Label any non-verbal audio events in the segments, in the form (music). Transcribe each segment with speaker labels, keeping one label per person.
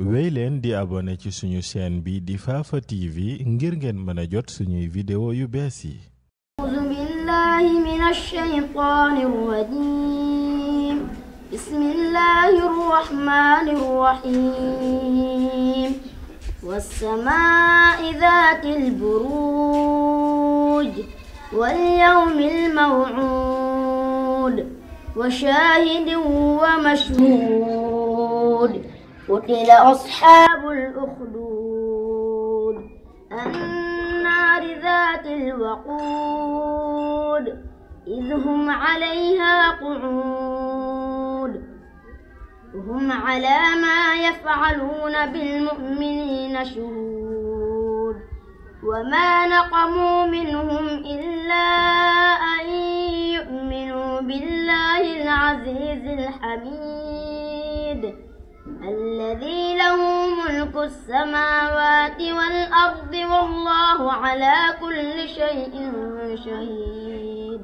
Speaker 1: wéy leen di abonné ci suñu chaîne bi di Fafa TV ngir ngeen mën a jot suñuy vidéo yu bees yi
Speaker 2: auzu billahi rahim was-samaa'i dhaatil buruuj wal wa shaahidin wa mashhuud قتل أصحاب الأخدود النار ذات الوقود إذ هم عليها قعود وهم على ما يفعلون بالمؤمنين شهود وما نقموا منهم إلا أن يؤمنوا بالله العزيز الحميد الذي له ملك السماوات والأرض والله على كل شيء شهيد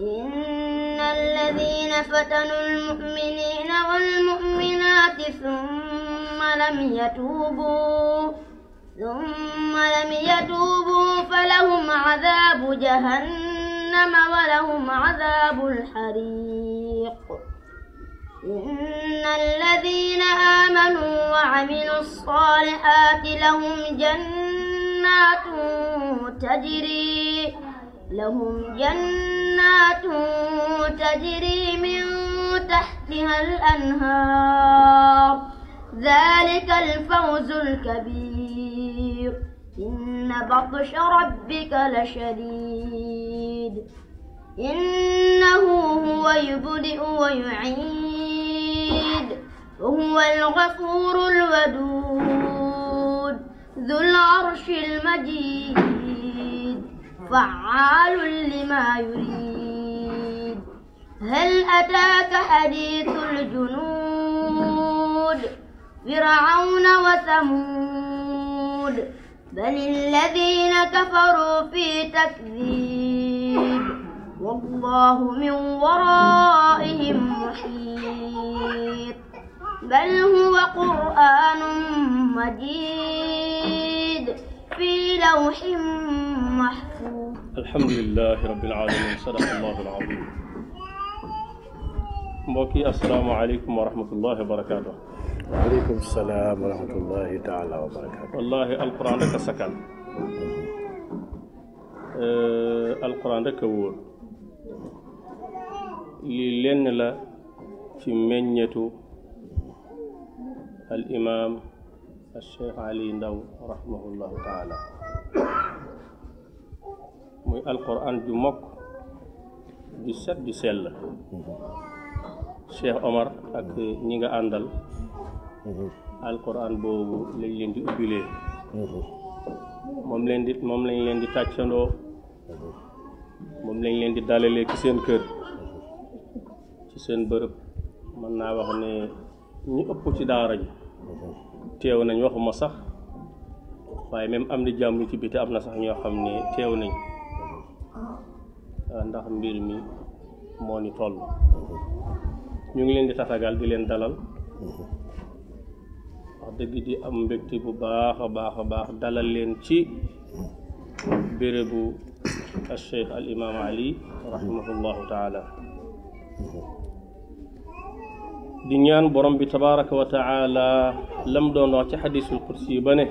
Speaker 2: إن الذين فتنوا المؤمنين والمؤمنات ثم لم يتوبوا ثم لم يتوبوا فلهم عذاب جهنم ولهم عذاب الحريق إن الذين آمنوا وعملوا الصالحات لهم جنات تجري لهم جنات تجري من تحتها الأنهار ذلك الفوز الكبير إن بطش ربك لشديد إنه هو يبدئ ويعيد وهو الغفور الودود ذو العرش المجيد فعال لما يريد هل أتاك حديث الجنود فرعون وثمود بل الذين كفروا في تكذيب والله من ورائهم محيط بل هو قرآن مجيد في لوح محفوظ
Speaker 3: الحمد لله رب العالمين صدق الله العظيم mbokki asalaamaaleykum wa rahmatullahi wa barakaatu waaleykum salaam wa rahmatullahi taala wa barakaatu wallahi alquran rek a sakkan alquran rek a wóor lii lenn la ci meññeetu al imaam al cheikh ali ndaw rahimahullahu taala muy alquran ju mokk ju set ju sell cheikh omar ak ñi nga àndal alquran boobu lañ leen di ubbilee moom lañ leen di tàccandoo moom lañ leen di dalalee ci seen kër ci seen bërëb mën naa wax ne ñu ëpp ci daara ji teew nañ waxuma sax waaye même am di jàmm ñu ci biti am na sax ñoo xam ne teew nañ ndax mbir mi moo ni toll ñu ngi leen di tatagal di leen dalal wax dëgg di am mbégte bu baax a baax a baax dalal leen ci bérébu al cheikh al imam ali rahimahullahu taala di ñaan borom bi tabaraka wa taala lam doon wax ci xadiisul kursi ba ne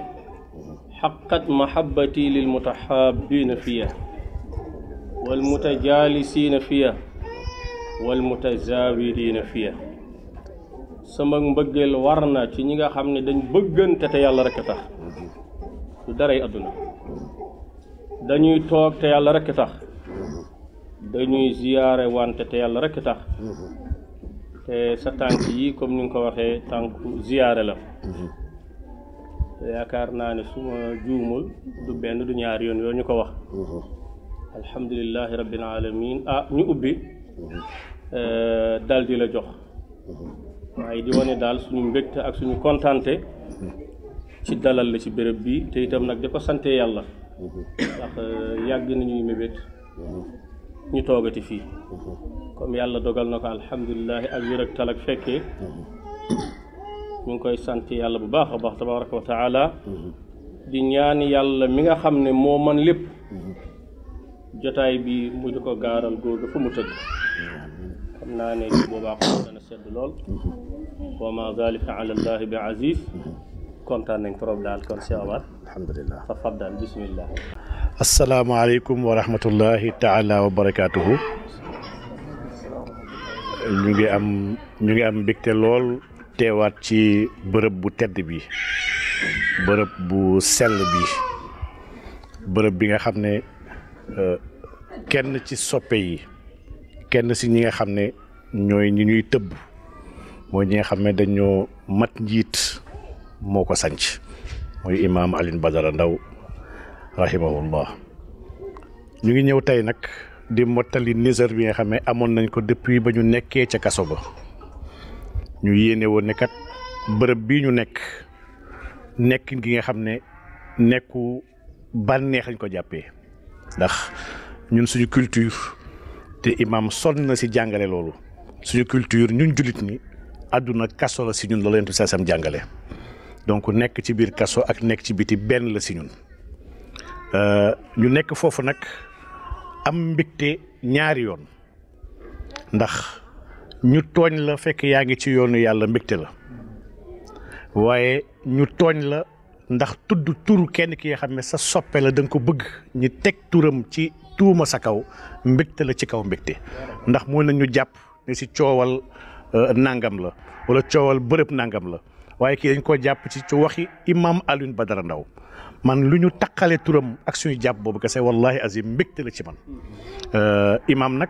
Speaker 3: xaqat mahabbati lil mutahaabbiina fiya wal mutajaalisiina fiya wal mutazaawiriina fiya sama mbëggeel war na ci ñi nga xam ne dañ bëggante te yàlla rekk a tax du daray àdduna dañuy toog te yàlla rekk a tax dañuy ziyaare wante te yàlla rekk a tax te sa tànk yi comme ni nga ko waxee tànku ziyaare la mhm. yaakaar naa ne su ma du benn du ñaar yoon yoo ñu ko wax mhm. alhamdulilahi rabbil alamin ah ñu ubbi mhm. euh, dal di la jox waaye di wane daal suñu mbégte ak suñu kontaante ci dalal la ci béréb bi te itam nag di ko sante yàlla ndax euh, yàgg nañuy mébét ñu toogati fii mhm. comme yàlla dogal na ko alhamdulilahi ak wér ak tal ak fekkee mhm. ngi koy sant yàlla bu baax a baax tabaraka wa taala mhm. di ñaan yàlla mi nga xam ne moo man lépp jotaay bi mu di ko gaaral googu fu mu tëdd xam naa ne bu boobaa ko dana sedd lool wa ma zalika ala bi aziz kontaan nañ trop daal kon si awaat tafaddal bismillah
Speaker 4: asalaamaaleykum wa rahmatullahi taala wa barakaatuhu ñu ngi am ñu ngi am mbégte lool teewaat ci bërëb bu tedd bi bërëb bu sell bi bërëb bi nga xam ne euh, kenn ci soppe yi kenn ci ñi nga xam ne ñooy ñi ñuy tëbb mooy ñi nga xam ne dañoo mat njiit moo ko sanc muy imaam Alioune Badara Ndao rahimahullah ñu ngi ñëw tey nag di mottali nisar bi nga xam ne amoon nañ ko depuis ba ñu nekkee ca kaso ba ñu yéene woon ne bërëb bii ñu nekk nekkin gi nga xam ne nekku bànneex lañ ko jàppee ndax ñun suñu culture te imaam sonn na si jàngale loolu suñu culture ñun jullit ni àdduna kaso la si ñun loolu yonent bi saasam jàngale donc nekk ci biir kaso ak nekk ci biti benn la si ñun Euh, ñu nekk foofu nag am mbégte ñaari yoon ndax ñu tooñ la fekk yaa ngi ci yoonu yàlla mbégte la waaye ñu tooñ la ndax tudd turu kenn ki nga xam ne sa soppe la da ko bëgg ñu teg tuuram ci tuuma sa kaw mbégte la ci kaw mbégte ndax moo nañu jàpp ne si coowal euh, nangam la wala coowal bërëb nangam la waaye kii dañ koo jàpp ci waxi imam ba Badara ndaw man lu ñu taqalee turam ak suñu jàpp boobu kese wallahi azim mbégte la ci man. Euh, imam nag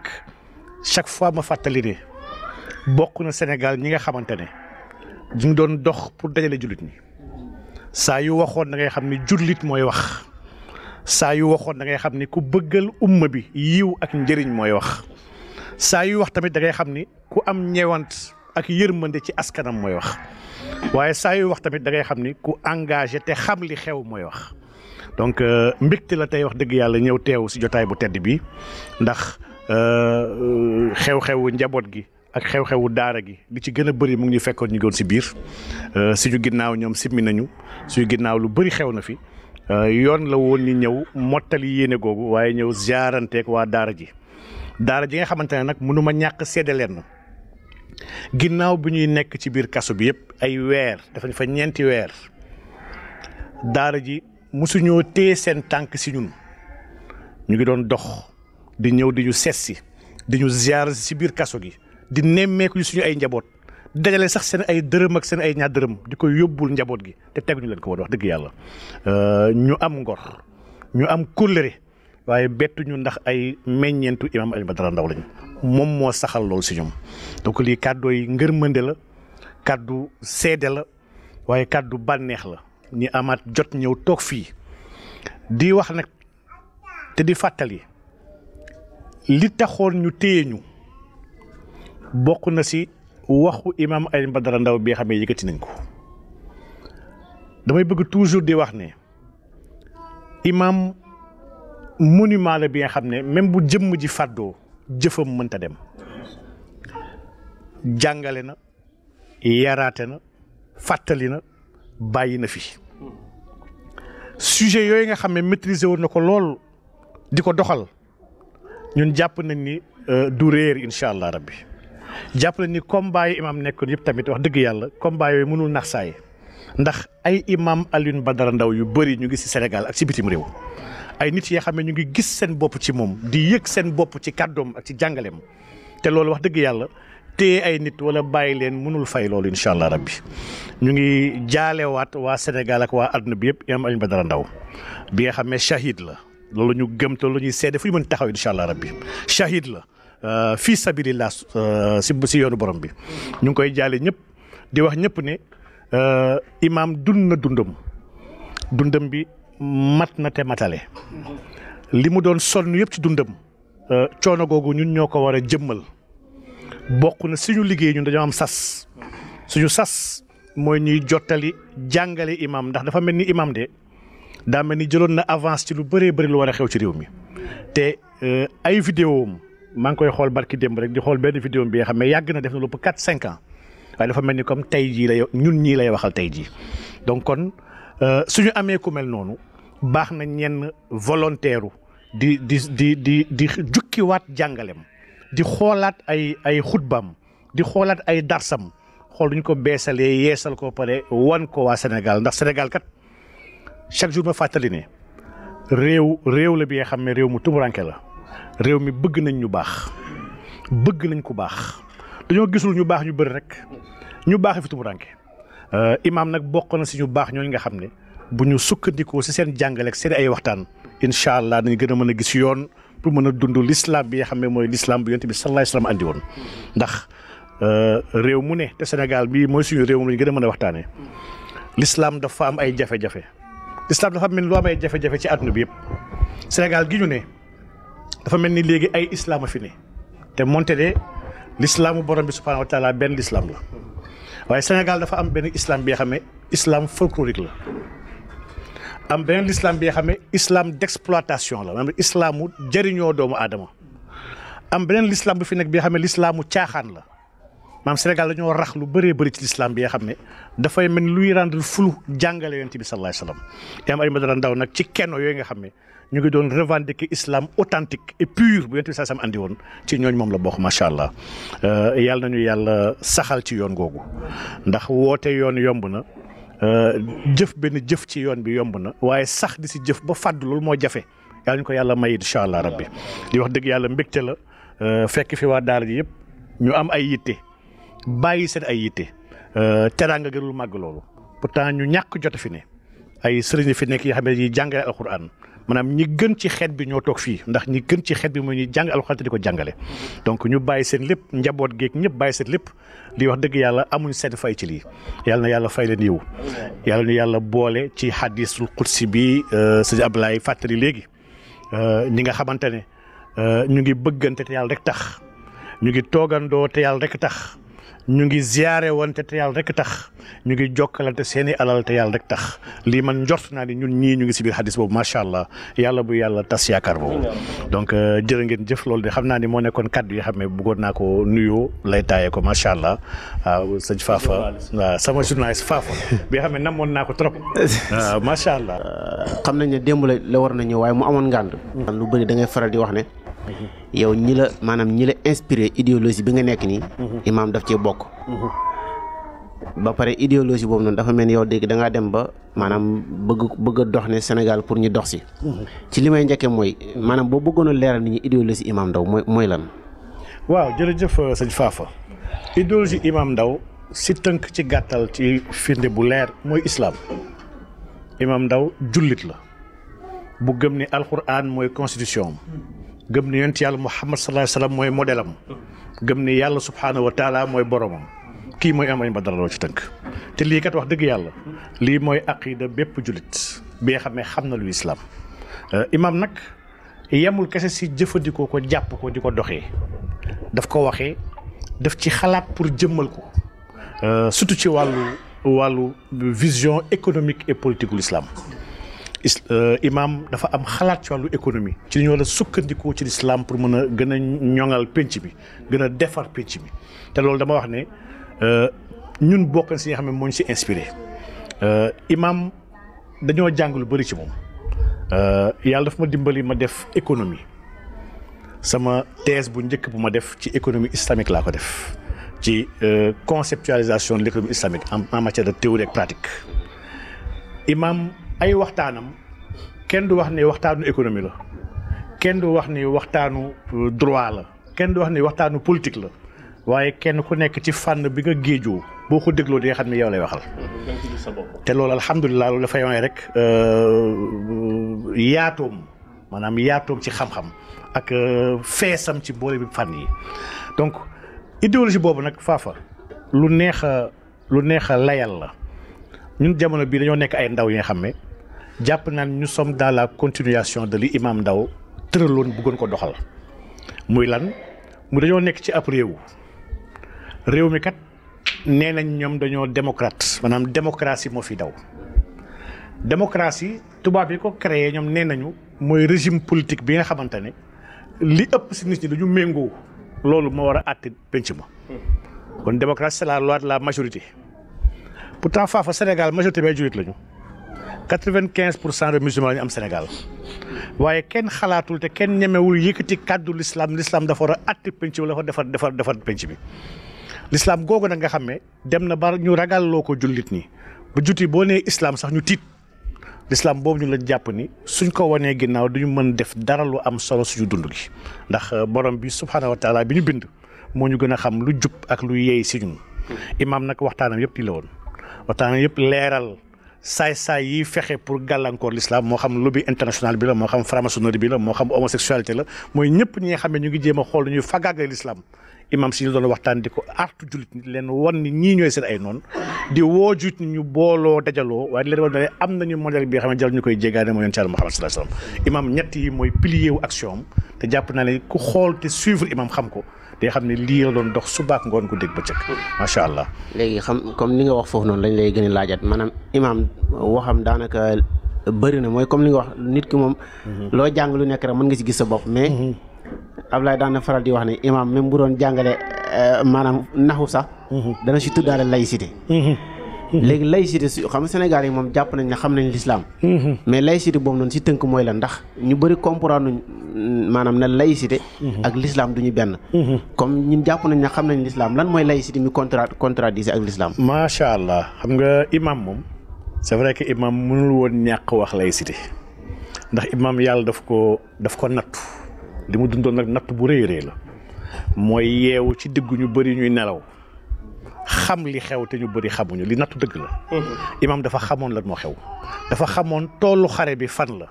Speaker 4: chaque fois ma fàttali ne bokk na Sénégal ñi nga xamante ne ñu ngi doon dox pour dajale jullit ñi saa yu waxoon da ngay xam ni jullit mooy wax saa yu waxoon da ngay xam ni ku bëggal umma bi yiw ak njëriñ mooy wax saa yu wax tamit da ngay xam ni ku am ñeewant. ak yërmande ci askanam mooy wax waaye saa yu wax tamit da ngay xam ni ku engagé te xam li xew mooy wax donc euh, mbégte la tey wax dëgg yàlla ñëw teewu si jotaay bu tedd bi ndax euh, euh, xew-xewu njaboot gi ak xew-xewu daara gi li ci gën a bëri mu ngi ñu fekkoon ñu doon si biir suñu ginnaaw ñoom simmi nañu suñu ginnaaw lu bëri xew na fi yoon la woon ñu ñëw mottal yéene googu waaye ñëw ziaranteeg waa daara ji daara ji nga xamante ne nag mënuma ma ñàkk seede leen ginnaaw bi ñuy nekk ci biir kaso bi yëpp ay weer dafa fa ñeenti weer daara ji mësuñoo téye seen tànk si ñun ñu ngi doon dox di ñëw di ñu seet si di ñu ziar si biir kaso gi di nemmeeku ñu suñu ay njaboot dajale sax seen ay dërëm ak seen ay ñaar dërëm di ko yóbbul njaboot gi te teguñu leen ko woon wax dëgg yàlla euh, ñu am ngor ñu am kóllëre waaye bettuñu ndax ay meññeentu imaam Alioune Badara Ndao lañ moom moo saxal loolu si ñoom donc lii kàddu yi ngërmande la kàddu seede la waaye kàddu bànneex la ñi amaat jot ñëw toog fii di wax nag te di fàttali li taxoon ñu téye ñu bokk na si waxu imaam Alioune Badara Ndao bi xam ne nañ ko damay bëgg toujours di wax ne imaam monument la bi nga xam ne même bu jëmm ji fàddoo jëfam mënta dem jàngale na yaraate na fàttali na bàyyi na fi sujet yooyu nga xam ne maîtriser woon na ko lool di ko doxal ñun jàpp nañ ni euh, du réer incha allah rabbi jàpp nañ ni combat yi imam nekkoon yëpp tamit wax dëgg yàlla combat yooyu mënul nax saay ndax ay imam ba Badara ndaw yu bëri ñu gis si Sénégal ak si bitim réew ay nit yoo xam ne ñu ngi gis seen bopp ci moom di yëg seen bopp ci kàddoom ak ci jàngaleem te loolu wax dëgg yàlla te ay nit wala bàyyi leen mënul fay loolu incha allah rabbi ñu ngi jaalewaat waa Sénégal ak waa àdduna bi yëpp Imam Alioune Badara bi nga xam ne shahid la loolu ñu gëm te loolu ñuy seede fu ñu mën taxaw incha allah rabbi shahid la euh, fii sabilillah euh, si si yoonu borom bi ñu ngi koy jaale ñëpp di wax ñëpp ne euh, imaam dund na dundam dundam bi. mat na te matale li mu doon sonn yëpp ci dundam euh, coono googu ñun ñoo ko war a jëmmal bokk na suñu liggéey ñun dañoo am sas suñu sas mooy ñuy jottali jàngale imam ndax dafa mel ni imam de daa mel ni jëloon na avance ci lu bëree bëri lu war a xew ci réew mi te euh, ay vidéo am maa ngi koy xool barki démb rek di xool benn vidéo bi nga xam ne yàgg na def na lu ëpp quatre cinq ans waaye dafa mel ni comme tey jii lay ñun ñii lay waxal tey jii donc kon euh, suñu amee ku mel baax na ñeen volontaire di di di di di jukkiwaat jàngalem di xoolaat ay ay xutbaam di xoolaat ay darsam xool duñ ko beesalee yeesal koo pare wan ko waa Sénégal ndax Sénégal kat chaque jour ma fàttali ne réew réew la bi nga xam ne réew mu tumuranke la réew mi bëgg nañ ñu baax bëgg nañ ku baax dañoo gisul ñu baax ñu bëri rek ñu baax fi tumuranke euh, imaam nag bokk na si ñu baax ñooñu nga xam ne bu ñu sukkandikoo si seen jàngale ak seen ay waxtaan incha allah dañu gën a mën a gis yoon pour mën a dund l'islam bi nga xam ne mooy l'islam bi yonent bi sallallahu alayhi wa sallam andi woon ndax euh, réew mu ne Sénégal bii mooy suñu réew mu ñu gën a mën a waxtaanee l'islam dafa am ay jafe-jafe l'islam dafa mel lu am ay ci àdduna bi yëpp Sénégal gi ne dafa mel ni léegi ay islam a fi ne te moonte de l'islamu borom bi subhaanahu wa benn l'islam la waaye Sénégal dafa am benn islam bi nga xam ne islam folklorique la am beneen islam bi nga xam ne islam d'exploitation la maanaam islamu jëriñoo doomu aadama am beneen l'islam bu fi nekk bi nga xam ne l'islamu caaxaan la maam Sénégal la ñoo rax lu bëree bari ci lislaam bi nga xam ne dafay mel luy rendre flou jàngale yonent bi sallallahu alayhi wa sallam imaam Alioune nag ci kenn yooyu nga xam ne ñu ngi doon revendiquer islam authentique et pur bu yonent bi sallallahu alayhi andi woon ci ñooñ moom la bokk macha allah euh, yàlla nañu yàlla saxal ci yoon googu ndax woote yoon yomb na Euh, jëf benn jëf ci yoon bi yomb na waaye sax di si jëf ba fàdd loolu moo jafe yàlla ñu ko yàlla may incha allah rabbi di wax dëgg yàlla mbégte la euh, fekk fi waa daara ji yëpp ñu am ay yitte bàyyi seen ay yitte euh, teraanga gërul màgg loolu pour pourtant ñu ñàkk jot fi ne ay sëriñ fi nekk yoo xam ne yi jàngale alxuraan maanaam ñi gën ci xeet bi ñoo toog fii ndax ñi gën ci xeet bi mooy ñuy jàng alxuraan te di ko jàngale donc ñu bàyyi seen lépp njaboot geeg ñëpp bàyyi seen lépp di wax dëgg yàlla amuñ seen fay ci lii yàlla na yàlla fay leen yiw yàlla na yàlla boole ci hadisul qudsi bi euh, sëñ Ablaye fàttali léegi euh, ñi nga xamante ne euh, ñu ngi bëggante te yàlla rekk tax ñu ngi toogandoo te yàlla rek tax ñu ngi ziyaare wante te yàlla rek tax ñu ngi jokkalante seen i alal te yàlla rek tax lii man njort naa ni ñun ñii ñu ngi si biir xadis boobu macha allah yàlla bu yàlla tas yaakaar boobu. donc euh, jërë ngeen jëf loolu de xam naa ni moo nekkoon kàddu yi xam ne bëggoon naa ko nuyoo lay taayee ko macha allah waaw sëñ Fafa waaw sama journaliste Fafa bi xam ne namoon naa ko trop (laughs) macha allah. Euh, xam nañ ne démb la war nañu waaye mu amoon ngànd.
Speaker 5: lu bëri da ngay faral di wax ne. yow ñi la maanaam ñi la inspiré idéologie bi nga nekk nii. Mhm. imaam daf cee bokk. Mhm. ba pare idéologie boobu noonu dafa mel ni yow dégg dangaa dem ba maanaam bëgg bëgg dox ne Sénégal pour ñu dox si. Mhm. ci li may njëkkee mooy
Speaker 4: maanaam boo bëggoon
Speaker 5: a leeral nit ñi idéologie imaam Ndao mooy mooy lan.
Speaker 4: waaw jërëjëf euh, sëñ Fafa idéologie imaam ndaw si tënk ci gàttal ci firnde bu leer mooy islaam imaam ndaw jullit la bu gëm ni alxuraan mooy constitution gëm ni yonent yàlla Muhammad sallallahu alayhi wa sallam mooy modelam gëm ni yàlla subhaanahu wa taala mooy boromam kii mooy Amady Badara Lo ci tënk te lii kat wax dëgg yàlla lii mooy aqida bépp jullit bi nga xam ne xam na lu islam euh, imaam nag yemul kese si jëfandikoo ko jàpp ko di ko doxee daf ko waxee daf ci xalaat pour jëmmal ko euh, surtout ci wàllu wàllu vision économique et politique gu l'islam Euh, imaam dafa am xalaat ci wàllu économie ci li ñu ci lislaam pour mën a gën a ñoŋal pénc bi gën a defar pénc bi te loolu dama wax ne euh, ñun bokkan si ne xam ne moo ñu si inspiré euh, imam dañoo jàng lu bëri ci moom yàlla dafa ma dimbali ma def économie sama thèse bu njëkk bu ma def ci économie islamique laa ko def ci conceptualisation de l'économie islamique en matière de théorie ak pratique imam ay waxtaanam kenn du wax ni waxtaanu économie la kenn du wax ni waxtaanu euh, droit la kenn du wax ni waxtaanu politique la waaye kenn ku nekk ci fànn bi nga géejoo boo ko dégloo di nga xam ne yow lay waxal. te loolu alhamdulilah loolu dafay wane rek euh, euh, yaatoom maanaam yaatoom ci xam-xam ak feesam ci boole bi fànn yi donc idéologie boobu nag faafa lu neex a lu neex layal la. ñun jamono bii dañoo nekk ay ndaw yi nga xam jàpp naa ñu sommes dans la continuation de li imam Ndaw tëraloon buggoon ko doxal muy lan mu dañoo nekk ci ab réew réew mi kat nee nañ ñoom dañoo démocrate maanaam démocratie moo fi daw. démocratie tubaab yi ko créé ñoom nee nañu mooy régime politique bi nga xamante ne li ëpp si nit ñi dañu méngoo loolu moo war a àtte penc ma
Speaker 6: hmm.
Speaker 4: kon démocratie c'est la loi de la majorité. pourtant Fafa Sénégal majorité bay jullit lañu quatre vingt pour cent de musulmans lañu am Sénégal waaye kenn xalaatul te kenn ñemewul yëkkati kàddu lislaam l'islam dafa war a àtte penc bi dafa defar defar defar bi l'islam googu nag nga xam ne dem na ba ñu ragalloo ko jullit ñi ba juti boo nee islaam sax ñu tiit lislaam boobu ñu la jàpp ni suñ ko wanee ginnaaw duñu mën def dara lu am solo suñu dund gi ndax euh, borom bi subhaanahu wa taala bi ñu bind moo ñu gën a xam lu jub ak lu yeey si ñun. imaam nag waxtaanam yëpp di la woon. waxtaan yëpp leeral saay-saay yi fexe pour gàllankoor l'islam moo xam lobby international bi la moo xam franc-maçonnerie bi la moo xam homosexualité la mooy ñëpp ñi nga xam ne ñu ngi jéem a xool ñuy fagaagal l'islam imam si ñu doon waxtaan di ko artu jullit lenn leen wan ni ñii ñooy seen ay noonu di woo juut ñu booloo dajaloo waaye leen wan ne am nañu modèle bi nga xam ne jël ñu koy jégaane mooy yonent Yàlla Muhammad sallallahu alayhi wasallam imam ñett yi mooy pilier wu action am te jàpp naa ne ku xool te suivre imam xam ko day xam ne lii la doon dox subaak ngoon gu dégg ba cëkk macha allah.
Speaker 5: léegi xam comme ni nga wax foofu noonu lañ lay gën a laajat maanaam imaam waxam daanaka bëri na mooy comme li nga wax nit ki moom. Mhm. loo jàng nekk rek mën nga si gis sa bopp mais. Mhm. Ablaye daan na faral di wax ne imaam même bu doon jàngale euh, maanaam naxu sax. Mhm. dana si tuddaale laïcité. Mm-hmm. léegi laïcité xam nga Sénégal yi moom jàpp nañ ne xam nañ lislaam mm-hmm. mais laïcité boobu noonu si tënk mooy la ndax ñu bëri comprendre nuñ maanaam ne laïcité mm-hmm. ak lislaam du duñu benn comme ñun jàpp nañ ne xam nañ
Speaker 4: lislaam lan mooy laïcité mi contra contradise ak lislaam macha allah xam nga imam moom c'est vrai que imam mënul woon ñàkk wax laïcité ndax imam yàlla daf ko daf ko nattu li mu dundoon nag natt bu rëy rëy la mooy yeewu ci diggu ñu bëri ñuy nelaw xam li xew te ñu bëri xamuñu li nattu dëgg la. Mm-hmm. imaam dafa xamoon lan moo xew. dafa xamoon toolu xare bi fan la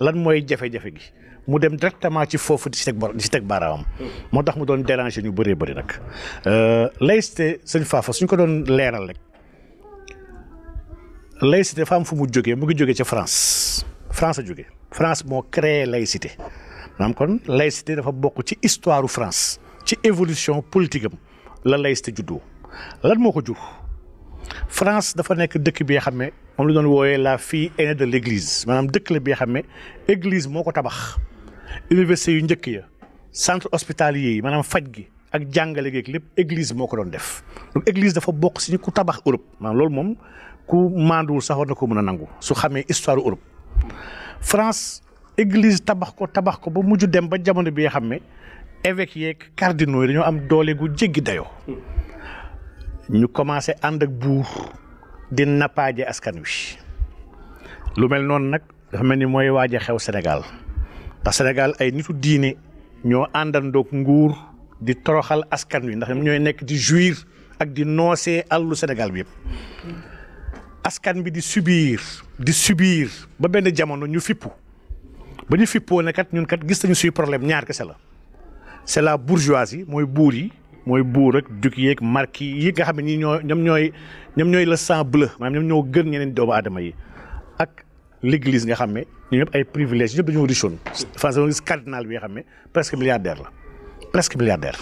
Speaker 4: lan mooy jafe-jafe gi mu dem directement ci foofu di si teg di mm-hmm. moo tax mu doon déranger ñu bëree bëri nag. Euh, laïcité sëñ faafa suñ ko doon leeral rek laïcité dafa am fu mu jógee mu ngi jógee ca France France a jógee France moo créé laïcité maanaam kon laïcité dafa bokk ci histoire France ci évolution politique am la laïcité juddoo. lan moo ko jur France dafa nekk dëkk bi nga xam ne moom la doon wooyee la fille aînée de l'église maanaam dëkk la bi nga xam ne église moo ko tabax université yu njëkk ya centre hospitalier yi maanaam faj gi ak jàngale geeg lépp église moo ko doon def donc église dafa bokk si ñu ku tabax Europe maanaam loolu moom ku maanduwul sax war na ko mën a nangu su xamee histoire Europe France église tabax ko tabax ko ba mujj dem ba jamono bi nga xam ne évêques yeeg yi dañoo am doole gu dayoo. ñu commencé ànd ak buur di nappaaje askan wi lu mel noonu nag dafa mel ni mooy waaj xew senegal ndax Sénégal ay nitu diine ñoo àndandoog nguur di toroxal askan wi ndax ñooy nekk di jouir ak di noosee àllu senegal bi yëpp askan bi di subir di subir ba benn jamono ñu fippu ba ñu fippoo ne kat ñun kat gis nañu suy problème ñaar kese la c'est la bourgeoisie mooy buur yi. mooy buur rek duc yeeg marquis yi nga xam ne ñi ñoo ñoom ñooy ñoom ñooy le sang bleu maanaam ñoom ñoo gën ñeneen doomu adama yi ak l'église nga xam ne ñu ñëpp ay privilèges ñëpp dañoo richoon France gis cardinal bi nga xam ne presque milliardaire la presque milliardaire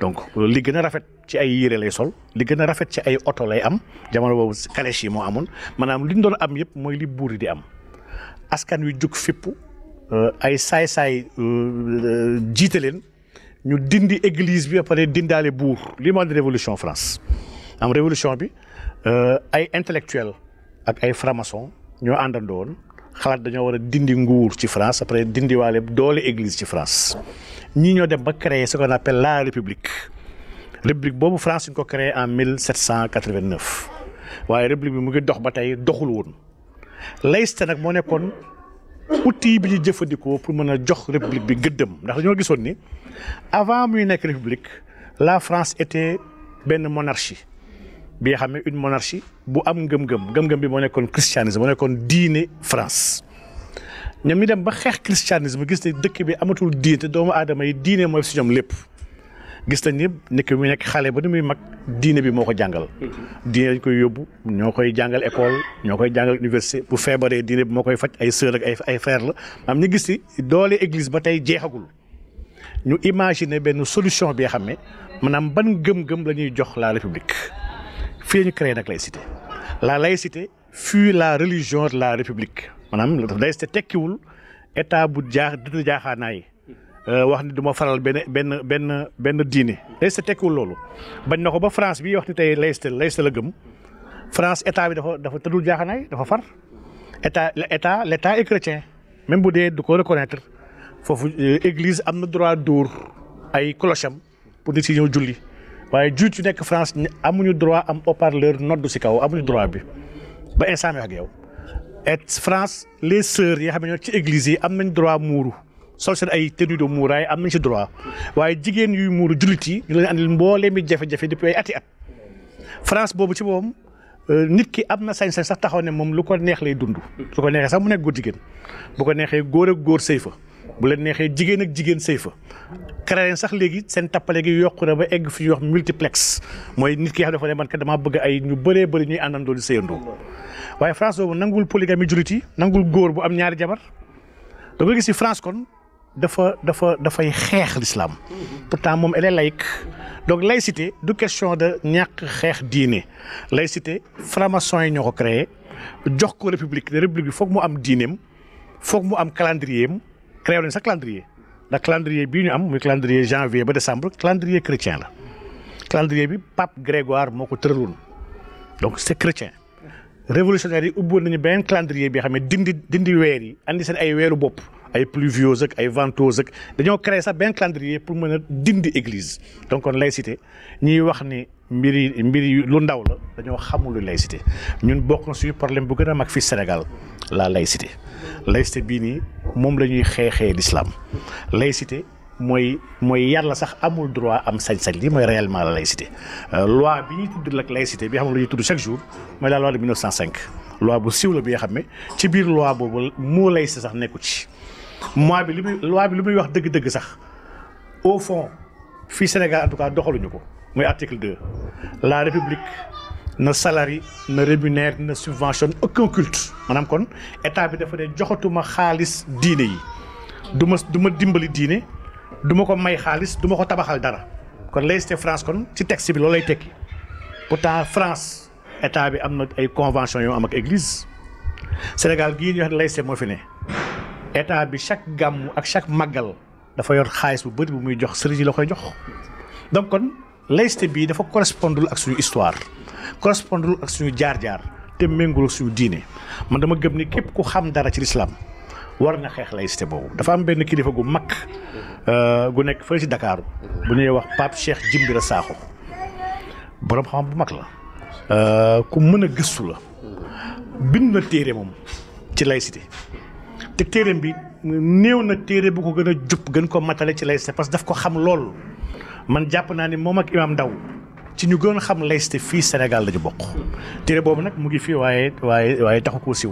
Speaker 4: donc li gën a rafet ci ay yére lay sol li gën a rafet ci ay oto lay am jamono boobu calèche yi moo amoon maanaam li ñu doon am yëpp mooy li buur yi di am askan wi jug fipp euh, ay saay-saay euh, euh, jiite leen ñu dindi église bi ba pare dindaale buur lii moo di révolution France am révolution bi euh, ay intellectuel ak ay framason maçon ñoo àndandoon xalaat dañoo war dindi nguur ci France après dindiwaale doole église ci France ñii ñoo dem ba créer ce qu'on appelle la république république boobu France ñu ko créé en 1789 waaye république bi mu ngi dox ba tey doxul woon laïcité nag moo nekkoon outil bi ñu jëfandikoo pour mën a jox république bi gëddëm ndax dañoo gisoon ni. avant muy nekk république la France était benn monarchie bi nga xam ne une monarchie bu am ngëm-ngëm ngëm-ngëm bi moo nekkoon christianisme moo nekkoon diine France. ñoom ñu dem ba xeex christianisme gis ne dëkk bi amatul diine te doomu aadama yi diine mooy si ñoom lépp gis nañ ni nekk mu nekk xale ba ni muy mag diine bi moo ko jàngal. Mhm. diine dañ koy yóbbu ñoo koy jàngal école ñoo koy jàngal université bu feebaree diine bi moo koy faj ay sœur ak ay ay frère la maanaam ñu gis ni doole église ba tey jeexagul. ñu imaginer benn solution bi xam ne maanaam ban gëm-gëm la ñuy jox la république fii la ñu créé nag laïcité la laïcité fut la religion de la république maanaam laïcité tekkiwul état bu jaax dina jaaxaanaay euh, wax ni du ma faral benn benn benn benn diine. laïcité tekkiwul loolu bañ na ko ba France bi wax ni tey laïcité laïcité la gëm France état bi dafa dafa tëddul jaaxaanaay dafa far état état l' état est chrétien même bu dee du ko reconnaître foofu euh, église am na droit dóor ay clocham pour nit si ñëw julli waaye juut yu nekk France amuñu droit am haut-parleur noddu si kaw amuñu droit bi ba instant mi ak yow et France les sœurs yi nga xam ne ci église yi am nañ droit muuru sol seen ay tenue de muuraay am nañ si droit waaye jigéen yuy muuru jullit yi ñu leen andil mbooleem yi jafe-jafe depuis ay ati at France boobu ci moom euh, nit ki am na sañ-sañ sax taxaw ne moom lu ko neex lay dund. su ko neexee sax mu nekk góor jigéen bu ko neexee góor ak góor sëy fa bu leen neexee jigéen ak jigéen sëy fa CREAC sax léegi seen tappale gi yokku na ba egg fi ñuy wax multiplex mooy nit ki nga xam dafa man kat damaa bëgg ay ñu bëree bëri ñuy àndandoo di sëyandoo waaye France boobu nangul polygamie jullit yi nangul góor bu am ñaari jabar da nga gis ci France kon dafa dafa dafay xeex l'islam pourtant moom elle est laïque donc laïcité du question de ñàkk xeex diine laïcité franc-maçon yi ñoo ko créé jox ko république ne république bi foog mu am diineem foog mu am calendrier créé nañ sax calendrier ndax calendrier bii ñu am muy calendrier janvier ba décembre calendrier chrétien la calendrier bi pape Grégoire moo ko tëraloon donc c'est chrétien révolutionnaire yi ubboon nañu benn calendrier bi xam ne dindi dindi weer yi indi seen ay weeru bopp ay pluviose ak ay ventose ak dañoo créé sax benn calendrier pour mën a dindi église donc kon laïcité ñiy wax ni mbiri mbiri lu ndaw la dañoo xamulu lu laïcité ñun bokk na suñu problème bu gën a mag fii Sénégal la laïcité laïcité bii nii moom la ñuy xeexee l'islam laïcité mooy mooy yàlla sax amul droit am sañ-sañ li mooy réellement la laïcité euh, loi bi ñuy tudd nag laïcité bi nga xam la ñuy tudd chaque jour mooy la loi de 1905 loi bu siiw la bi nga xam ne ci biir loi boobu moo laïcité sax nekku ci moi bi li muy loi bi li muy wax dëgg-dëgg sax au fond fii Sénégal en tout cas doxaluñu ko mooy article 2 la république na salari ne rémunère ne subventionne aucun culte maanaam kon état bi dafa ne joxatuma xaalis diine yi du ma du ma dimbali diine du ma ko may xaalis du ma ko tabaxal dara kon laïcité France kon ci texte bi loolu lay tekki pourtant France état bi am na ay convention yoo am ak église Sénégal gii ñu wax ne laïcité moo fi ne état bi chaque gàmmu ak chaque màggal dafa yor xaalis bu bëri bu muy jox sëriñ yi la koy jox donc kon laïcité bii dafa correspondre ak suñu correspondre ak suñu jaar-jaar te méngul suñu diine man dama gëm ni képp ku xam dara ci lislaam war na xeex laïcité boobu dafa am benn kilifa gu mag euh, gu nekk fële ci Dakar bu ñuy wax Pape Cheikh Jimbira Sakho borom xam bu mag la euh, ku mën a gistu la bind na téere moom ci laïcité te téereem bi néew na téere bu ko gën a jub gën ko matale ci laïcité parce que daf ko xam lool man jàpp naa ni moom ak Imaam Ndaw ci ñu gën xam laïcité fii Sénégal lañu bokk. téere boobu nag mu ngi fii waaye waaye waaye taxu koo siw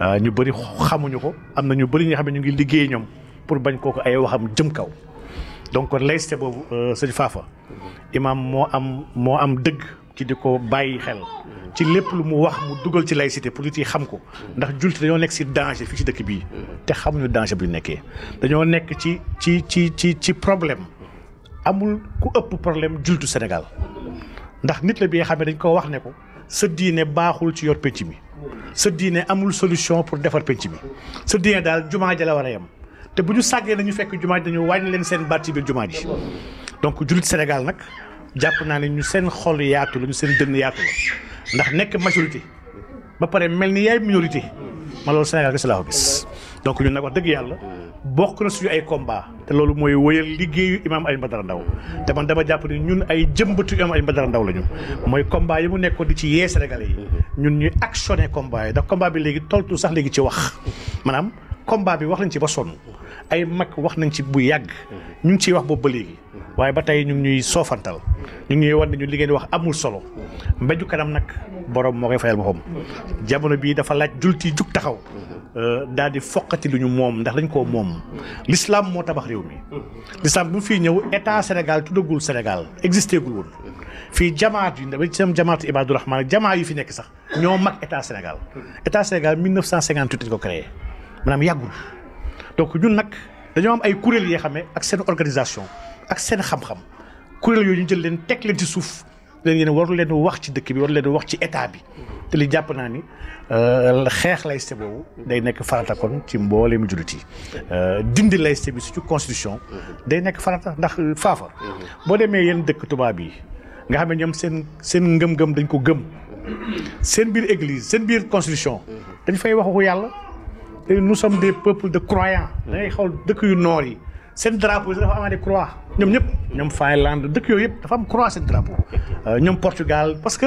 Speaker 4: euh, ñu bëri xamuñu ko am na ñu bëri ñu xam ne ñu ngi liggéey ñoom pour bañ kooku ay waxam jëm kaw donc laïcité boobu euh, sëñ Fafa. imaam moo am moo am dëgg ci di ko bàyyi xel. ci lépp lu mu wax mu dugal ci laïcité pour nit yi xam ko ndax jullit dañoo nekk si danger fii ci dëkk bii te xamuñu danger bu ñu nekkee dañoo nekk ci ci ci ci ci problème. amul ku ëpp problème jultu Sénégal ndax nit la bi nga xam ne dañ ko wax ne ko sa diine baaxul ci yor penc mi sa diine amul solution pour defar penc mi sa diine daal jumaa ja la war a yem te bu ñu sàggee nañu fekk jumaa ji dañu wàññi leen seen baat ci jumaa ji donc jullit Sénégal nag jàpp naa ne ñu seen xol yaatu la ñu seen dënn yaatu la ndax nekk majorité ba pare mel ni yaay minorité ma loolu Sénégal gis laa ko gis donc ñun nag wax dëgg yàlla mm. bokk na suñu ay combat te loolu mooy wëyal liggéeyu imaam Alioune Badara ndaw mm. te man dama jàpp ñun ay jëmbatu imaam Alioune Badara Ndao la ñu mm. mooy combat yi mu nekkoon di ci yee Sénégalais yi mm-hmm. ñun ñuy actionné combat yi ndax combat bi léegi toltu sax léegi ci wax maanaam combat bi wax nañ ci ba sonn ay mag wax nañ ci bu yàgg mm-hmm. ñu ngi ciy wax boobu ba léegi mm-hmm. waaye ba tey ñu ngi ñuy soofantal ñu ngi ñuy wan ne ñu li ngeen wax amul solo mbéju kanam nag borom moo koy fayal boppam jamono bii dafa laaj julti jug taxaw Euh, daal di foqati lu ñu moom ndax dañ koo moom lislaam moo tabax réew mi l'islam bu fi ñëw état Sénégal tuddagul Sénégal existé gul woon fii jamaat yi dafa ci jamaatu Ibadou Rahman ak jamaa yu fi nekk sax ñoo mag état Sénégal état Sénégal 1958 dañ ko créé maanaam yàggul donc ñun nag dañoo am ay kuréel yoo xam ne ak seen organisation ak seen xam-xam kuréel yooyu ñu jël leen teg leen ci suuf leen yéen waru leen wax ci dëkk bi waru leen wax ci état bi te li jàpp naa ni euh, xeex lay boobu day nekk farata kon ci mbooleem jullit ti euh, dindi laïcité bi su ci constitution day nekk farata ndax faafa boo demee yenn dëkk tubaab yi nga xam ne ñoom seen seen ngëm-ngëm dañ ko gëm seen biir église seen biir constitution dañ fay wax waxu yàlla te nous sommes des peuples de croyants da ngay dëkk yu noor yi seen drapeau yi dafa amaate croix ñoom ñëpp ñoom Finlande dëkk yooyu yëpp dafa am croix seen drapeau euh, ñoom Portugal parce que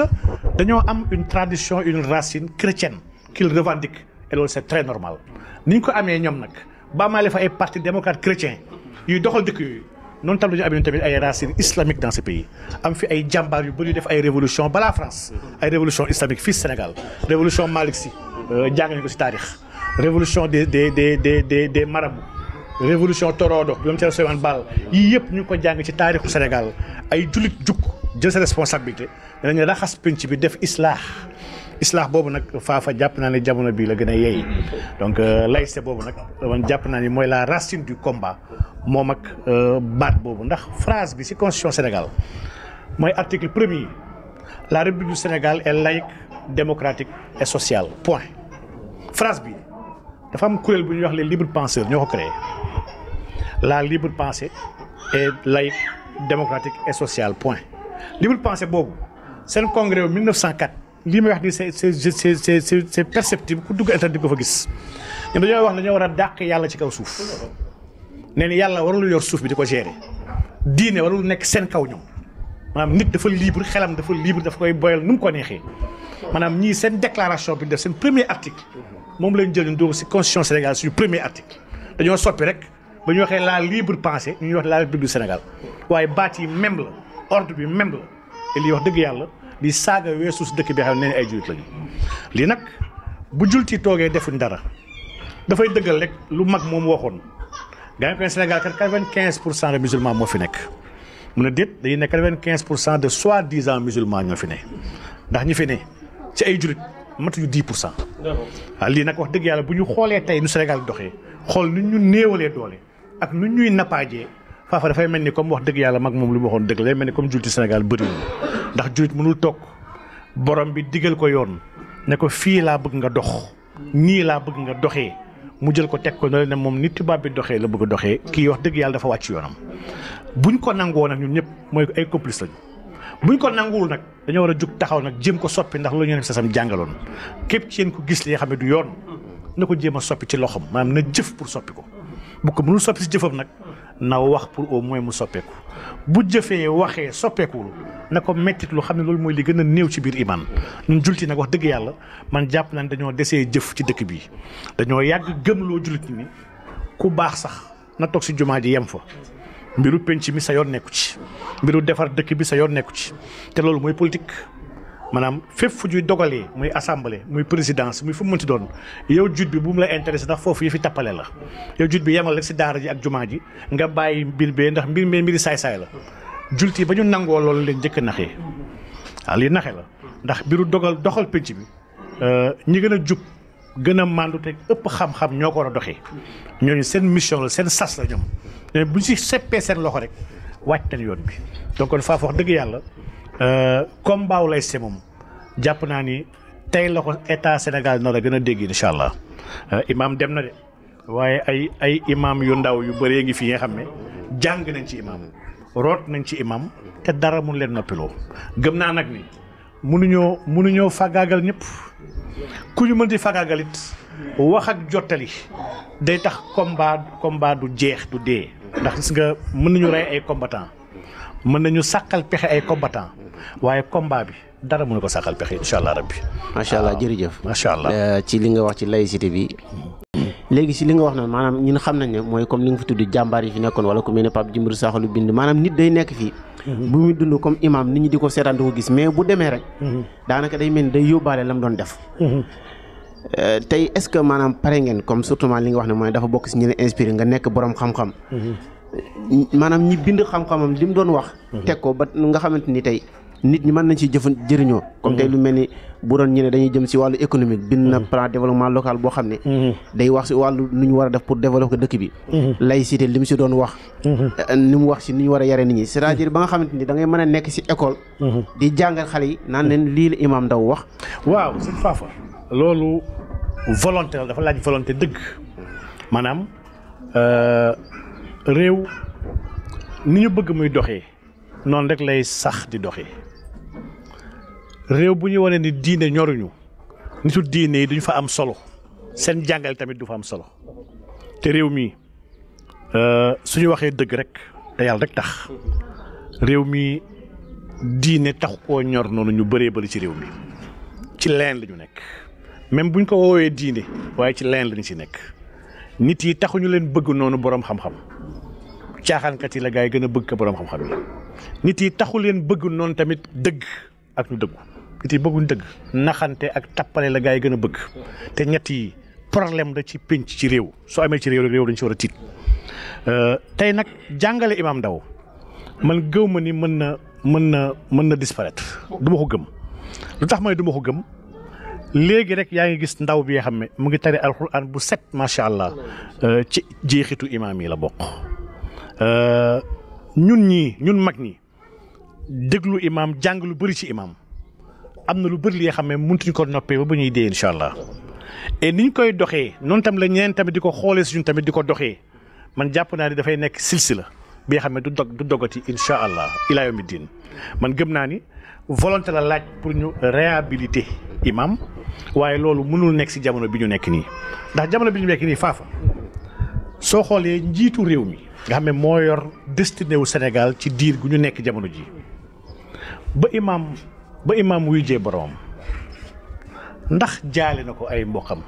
Speaker 4: dañoo am une tradition une racine chrétienne qu'ils revendiquent et loolu c'est très normal ni ñu ko amee ñoom nag baamaale fa ay parti démocrate chrétien yuy doxal dëkk yooyu noonu tam la ñu amee tamit ay racines islamiques dans ce pays am fi ay jàmbaar yu bëri def ay révolution balaa France ay révolution islamique fii Sénégal révolution Malick Sy euh, jàng nañu ko si taarix révolution des des des des des marabouts révolution Torodo bi moom Thierno Souleymane Baal yii yëpp ñu ko jàng ci taarixu Sénégal ay jullit jukk jël sa responsabilité danañ raxas penc bi def islaax islaax boobu nag faafa jàpp naa ne jamono bii la gën a yeey donc euh, laïcité boobu nag man jàpp naa ni mooy la racine du combat moom ak euh, baat boobu ndax phrase bi ci constitution Sénégal mooy article premier la république Sénégal est laïque démocratique et sociale point phrase bi dafa am kuréel bu ñuy wax les libres penseurs ñoo ko créé la libre pensée est laïque démocratique et sociale point. libre pensée boobu seen congrès wu 1904 lii may wax di c'est c'est c'est c'est perceptible ku dugg internet di ko fa gis ñun dañoo wax dañoo war a dàq yàlla ci kaw suuf nee na yàlla warul yor suuf bi di ko gérer diine warul nekk seen kaw ñoom maanaam nit dafa libre xelam dafa libre dafa koy boyal nu mu ko neexee maanaam ñii seen déclaration bi def seen premier article. moom lañ jël ñu dugg si constitution Sénégal suñu premier article dañoo soppi rek ba ñu waxee la libre pensée ñu wax la république du Sénégal waaye baat yi même la ordre bi même la te lii wax dëgg yàlla di saaga weesu si dëkk bi xam ne ay jullit lañu lii nag bu julti toogee defuñ dara dafay dëggal rek lu mag moom waxoon gaa ngi koy Sénégal kat quatre pour cent de musulmans moo fi nekk mu ne déet dañuy ne quinze pour cent de soi-disant musulmans ñoo fi ne ndax ñu fi ne ci ay jullit matuñu 10 pour cent. waaw ah, lii nag wax dëgg yàlla bu ñu xoolee tey nu Sénégal doxee xool nu ñu néewalee doole ak nu ñuy nappaajee faafa dafay mel ni comme wax dëgg yàlla mag moom li mu waxoon dëgg lay mel ni comme jullit Sénégal bëriwul ndax jullit mënul toog borom bi digal ko yoon ne ko fii laa bëgg nga dox nii laa bëgg nga doxee. mu jël ko teg ko ne moom nit tubaab bi doxee la bëgg doxee kii wax dëgg yàlla dafa wàcc yoonam buñ ko nangoo nag ñun ñëpp mooy ay complice buñ ko nanguwul nag dañoo war a jug taxaw nag jéem ko soppi ndax loolu ñu ne sa sam jàngaloon képp ci yéen ko gis li nga xam ne du yoon na ko jéem a soppi ci loxom maanaam na jëf pour soppi ko bu ko mënul soppi si jëfam nag na wax pour au moins mu soppeeku bu jëfee waxee soppeekuwul na ko mettit lu xam ne loolu mooy li gën a néew ci biir imaan ñun julti nag wax dëgg yàlla man jàpp nañ dañoo desee jëf ci dëkk bi dañoo yàgg loo jullit ni ku baax sax na toog si jumaa ji yem fa mbiru penc mi sa yoon nekku ci mbiru defar dëkk bi sa yoon nekku ci te loolu mooy politique maanaam fépp fu ñuy dogalee muy assemblée muy présidence muy fu mu mënti doon yow jut bi bu mu la intéressé ndax foofu yi fi tappale la yow jut bi yemal rek si daara ji ak jumaa ji nga bàyyi mbir bee ndax mbir mee mbiri saay-saay la julti ba ñu nangoo loolu leen jëkk naxee waaw lii naxe la ndax mbiru dogal doxal penc bi euh, ñi gën a jub gën a màndu te ëpp xam-xam ñoo ko war a doxee ñooñu seen mission la seen sas la ñoom ñooñu bu si seppee seen loxo rek wàcc nañ yoon bi donc kon faaf wax dëgg yàlla euh, comme baaw lay semoom jàpp naa ni tey loxo ko état Sénégal noonu la gën a dégg incha allah euh, imaam dem na de waaye ay ay imaam yu ndaw yu bëree ngi fi nga xam ne jàng nañ ci imaam root nañ ci imaam te dara mun leen noppiloo gëm naa nag ni munuñoo munuñoo fàggaagal ñëpp. ku ñu di fagaagalit wax ak jottali day tax combat combat du jeex du dee ndax gis nga mën nañu rey ay combattant mën nañu sàqal pexe ay combattant waaye combat bi dara mënu ko sàqal pexe incha allah rabbi macha allah jërëjëf macha allah euh, ci li nga
Speaker 5: wax ci laïcité bi léegi si li nga wax na maanaam ñun xam nañ ne mooy comme li nga fi tudd jàmbaar yi fi nekkoon wala ku mel ne Pape Djimbira bind maanaam nit day nekk fii bu muy dund comme imam nit ñi di ko seetaan di ko gis mais bu demee rek mhm. daanaka day mel ni day yóbbaale lam doon def mhm. euh, tey est-ce que pare ngeen comme surtout li nga wax ne mooy dafa bokk si la inspiré nga nekk borom xam-xam mhm. maanaam ñi bind xam-xamam li mu doon wax teg ko ba nga xamante ni tey nit ñi mën nañ ci jëfan jëriñoo kom tey mm-hmm. lu mel ni bu doon ñu ne dañuy jëm si wàllu économique bind na mm-hmm. plan développement local boo xam ne mm-hmm. day wax si wàllu nu ñu war a def pour développer dëkk bi laïcité li mu si doon wax eh, ni mu wax si ni ñu war a yare nit ñi c'est-à-dire ba nga xamante ni da ngay mën a nekk si école di jàngal xale yi naan leen lii la imaam ndaw wax waaw sëñ Fafa loolu
Speaker 4: volonté la dafa laaj volonté dëgg maanaam euh, réew ni ñu bëgg muy doxee noonu rek lay sax di doxee réew bu ñu wane ni diine ñoruñu nitu diine yi duñ fa am solo seen jàngal tamit du fa am solo te réew mii euh, suñu waxee dëgg rek te yàlla rek tax réew mii diine taxu koo ñor noonu ñu bëree bëri ci réew mi ci leen lañu nekk même buñ ko woowee diine waaye ci leen lañu ci nekk nit yi taxuñu leen bëgg noonu boroom xam-xam caaxaankat yi la gaa yi gën a bëgg ko boroom xam-xam yi nit yi taxu leen bëgg noonu tamit dëgg ak ñu dëggu nit yi bëgguñ dëgg naxante ak tappale la gaa yi gën a bëgg te ñetti yi problème da ci pénc ci réew soo amee ci réew rek réew dañ ci war a tiit euh, tey nag jàngale Imaam Ndao man gëw ma ni mën na mën na mën na disparaître du ma ko gëm lu tax may du ma ko gëm léegi rek yaa ngi gis ndaw bi nga xam ne mu ngi tari alxuraan bu set macha allah euh, ci jeexitu imaam yi la boq euh, ñun ñii ñun mag ñi déglu imaam jàng lu bëri ci imaam. am na lu bëri li nga xam ne mëntuñ ko noppee ba bu ñuy dee incha allah et niñ koy doxee noonu tam la ñeneen tamit di ko xoolee suñu tamit di ko doxee man jàpp naa ne dafay nekk silsila bi nga xam ne du dog du dogati incha allah ilaa yawmi diin man gëm naa ni volonté la laaj pour ñu réhabiliter imam waaye loolu mënul nekk si jamono bi ñu nekk nii ndax jamono bi ñu nekk nii faafa soo xoolee njiitu réew mi nga xam ne moo yor destiné wu Sénégal ci diir gu ñu nekk jamono ji ba imaam wuy jee boroom ndax jaale na ko ay mbokkam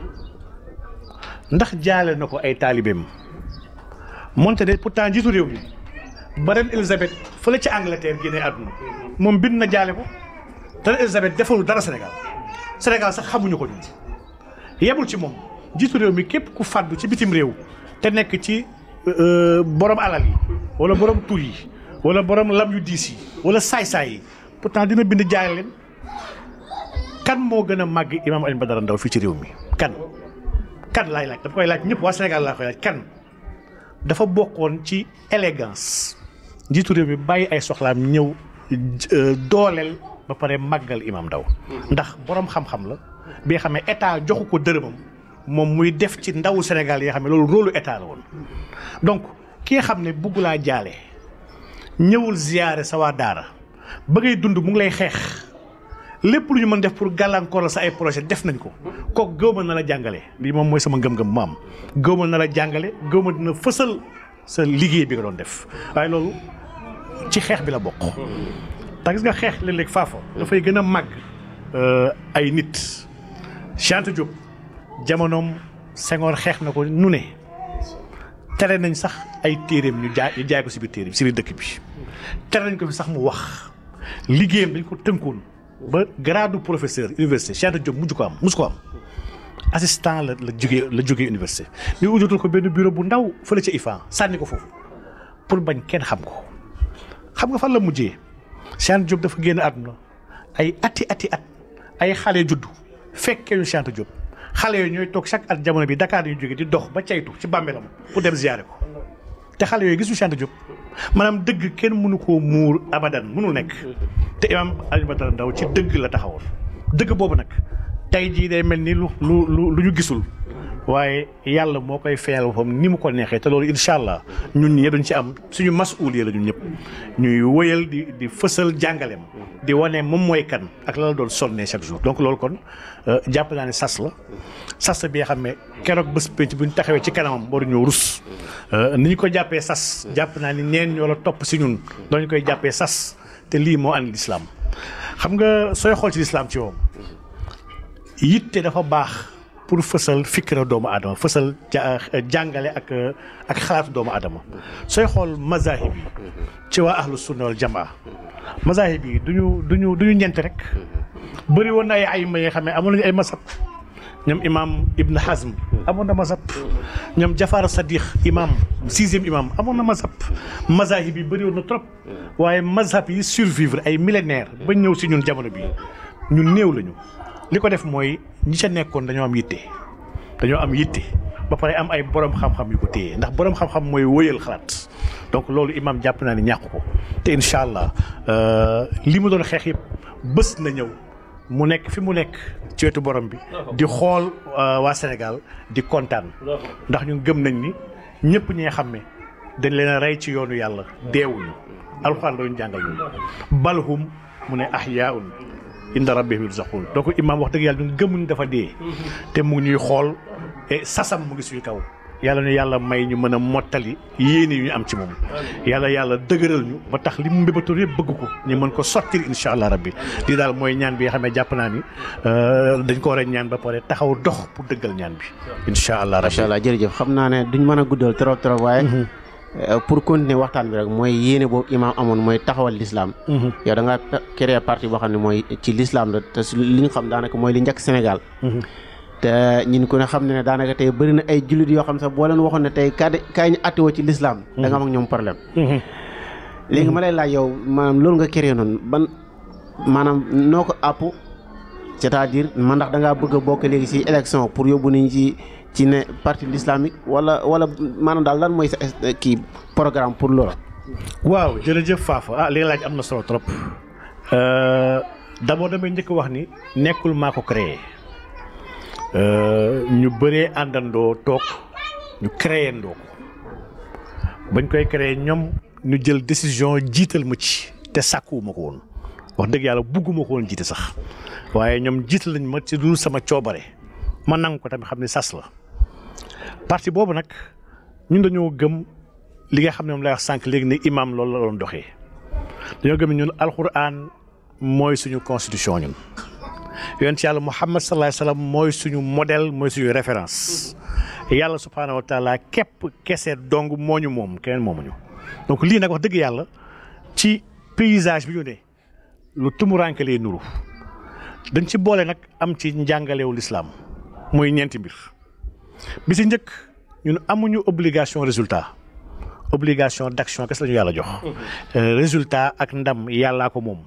Speaker 4: ndax jaale na ko ay taalibeem moonte de pourtant jiitu réew mi ba reine Elisabeth fële ci Angleterre génnee àdduna moom bind na jaale ko te reine Elisabeth dara Sénégal Sénégal sax xamuñu ko ñun yebul ci moom jiitu réew mi képp ku fàddu ci bitim réew te nekk ci euh, euh, borom alal yi wala borom tur yi wala borom lam yu diis yi wala saay-saay yi pourtant dina bind jaay leen kan moo gën a màgg Imam Alioune Badara ndaw fii ci réew mi kan kan laay laaj dafa koy laaj ñëpp waa Sénégal laa koy laaj kan dafa bokkoon ci élégance njiitu réew mi bàyyi ay soxlaam ñëw euh, dooleel ba pare màggal Imam Ndao ndax borom xam-xam la bi nga xam ne état joxu ko dërëmam moom muy def ci ndawu Sénégal yi nga xam ne loolu rôle état la woon donc ki nga xam ne bugg laa jaale ñëwul ziyaare sa waa daara ba dund mu ngi lay xeex lépp lu ñu mën def pour gàllankoor la sa ay projet def nañ ko kook gëwma na la jàngale lii moom mooy sama ngëm-ngëm maam gëwma na la jàngale gëwma dina fësal sa liggéey bi nga doon def waaye loolu ci xeex bi la bokk tax gis nga xeex léeg-léeg faafa dafay gën a màgg euh, ay nit Chante Diop jamonoom Senghor xeex na ko nu ne tere nañ sax ay téeréem ñu jaay ñu jaay ko si biir téeréem si biir dëkk bi tere nañ ko fi sax mu wax liggéeyam dañ ko tënkoon ba grade du professeur université Cheikh Anta Diop mujj ko am musu ko am assistant la la jóge la jógee université ñu ujatul ko benn bureau bu ndaw fële ci IFAN sànni ko foofu pour bañ kenn xam ko xam nga fan la mujjee Cheikh Anta dafa génn àdduna ay ati ati at ay xale juddu fekkee ñu Cheikh Anta xale yooyu ñooy toog chaque at jamono bi dakaar ñu jóge di dox ba caytu ci bàmmeelam pour dem ziyaare ko te xale yooyu gisu Cheikh Anta Diop maanaam dëgg kenn mënu koo muur abadan mënul nekk te imam Alioune Badara ndaw ci dëgg la taxawoon dëgg boobu nag tey jii day mel ni lu lu lu ñu gisul waaye yàlla moo koy fayal boppam ni mu ko neexee te loolu incha allah ñun ñi duñ ci am suñu masuuliya la ñun ñëpp ñuy wëyal di di fësal jàngaleem di wane moom mooy kan ak la la doon sonnee chaque jour donc loolu kon euh, jàpp naa ne sas la sas bi nga xam ne keroog bés pénc bu ñu taxawee ci kanamam waruñoo rus euh, ni ñu ko jàppee sas jàpp naa ni neen ñoo la topp si ñun dañu koy jàppee sas te lii moo andi lislaam xam nga sooy xool ci lislaam ci moom yitte pour fësal fikra doomu adama fësal euh, jàngale ak euh, ak xalaatu doomu aadama sooy xool mazahib yi ci waa ahlu sunna wal jamaa mazahib yi duñu duñu duñu ñent rek bëri woon na ay ay ma yoo xam ne amoon nañu ay masab ñoom imam Ibn Hazm amoon na masab ñoom Jafar Sadiq imaam sixième imam amoon na mazhab mazahib yi bëri woon na trop waaye mazhab yi survivre ay millénaire ba ñëw si ñun jamono bi ñun néew lañu li ko def mooy ñi ca nekkoon dañoo am yitte dañoo am yitte ba pare am ay borom xam-xam yu ko téye ndax borom xam-xam mooy wóyal xalaat donc loolu imaam jàpp naa ne ñàkk ko te incha allah euh, li mu doon xeex yëpp bés na ñëw mu nekk fi mu nekk ci wetu borom bi. di xool euh, waa Sénégal di kontaan. ndax ñu gëm nañ ni ñëpp ñi nga xam ne dañ leen a rey ci yoonu yàlla deewuñu alxuraan dañu jàngal ñu balhum mu ne ahyaun inda rabbihim yurzaqun donc imaam wax dëgg yàlla ñun gëmuñ dafa dee.
Speaker 6: Mm-hmm.
Speaker 4: te mu ngi ñuy xool e sasam mu ngi suñu kaw. yàlla na yàlla may ñu mën a mottali yéene yu ñu am ci moom yàlla yàlla dëgëral ñu ba tax li mu mbébatoon yëpp bëgg ko ñu mën ko sottil incha allah bi lii daal mooy ñaan bi nga xam ne jàpp naa ni euh, dañ ko war a ñaan ba pare taxaw dox pour dëggal ñaan bi
Speaker 5: incha allah rabbi macha allah jërëjëf xam naa ne duñ mën a guddal trop trop waaye mm-hmm. Euh, pour continuer waxtaan bi rek mooy yéene boobu imaam amoon mooy taxawal lislaam mhm. yow da nga créer parti boo xam ne mooy ci lislaam la te li ñu xam daanaka mooy li njëkk Sénégal mhm. te ñun ko ne xam ne ne daanaka tey bëri na ay jullit yoo xam sax boo leen waxoon ne tey kaay ñu àttewoo ci lislaam mhm. da nga am ak ñoom problème léegi ma lay laaj yow maanaam loolu nga créer noonu ban maanaam noo ko àpp cest à ndax da ngaa a bokk léegi si élection pour yóbbu nañ ci ci ne parti islamique wala wala maanaam daal lan mooy sa kii programme
Speaker 4: pour loola. waaw jërëjëf Fafa ah li laaj am na solo trop euh, d'abord damay njëkk wax ni nekkul maa ko créé euh, ñu bëree àndandoo toog ñu créer ndoo ko bañ koy créé ñoom ñu jël décision jiital ma ci te sàkkuwuma ko woon wax dëgg yàlla bugguma ko woon jiite sax waaye ñoom jiital lañ ma ci dul sama coobare ma nangu ko tamit xam ne sas la. parti boobu nag ñun dañoo gëm li nga xam ne moom lay wax sànq léegi ne imam loolu la doon doxee dañoo gëm ñun alxuraan mooy suñu constitution ñun. yonent yàlla Muhammad sallallahu alayhi wa sallam mooy suñu modèle mooy suñu référence yàlla subhaanahu wa taala képp kese dong moo ñu moom keneen moomuñu donc lii nag wax dëgg yàlla ci paysage bi ñu ne lu tumuraanke lay nuru dañ ci boole nag am ci njàngalewu lislaam muy ñeenti mbir. bi si njëkk ñun amuñu obligation résultat obligation d'action kese la yàlla jox. Mhm. Euh, résultat ak ndam yàllaa ko moom.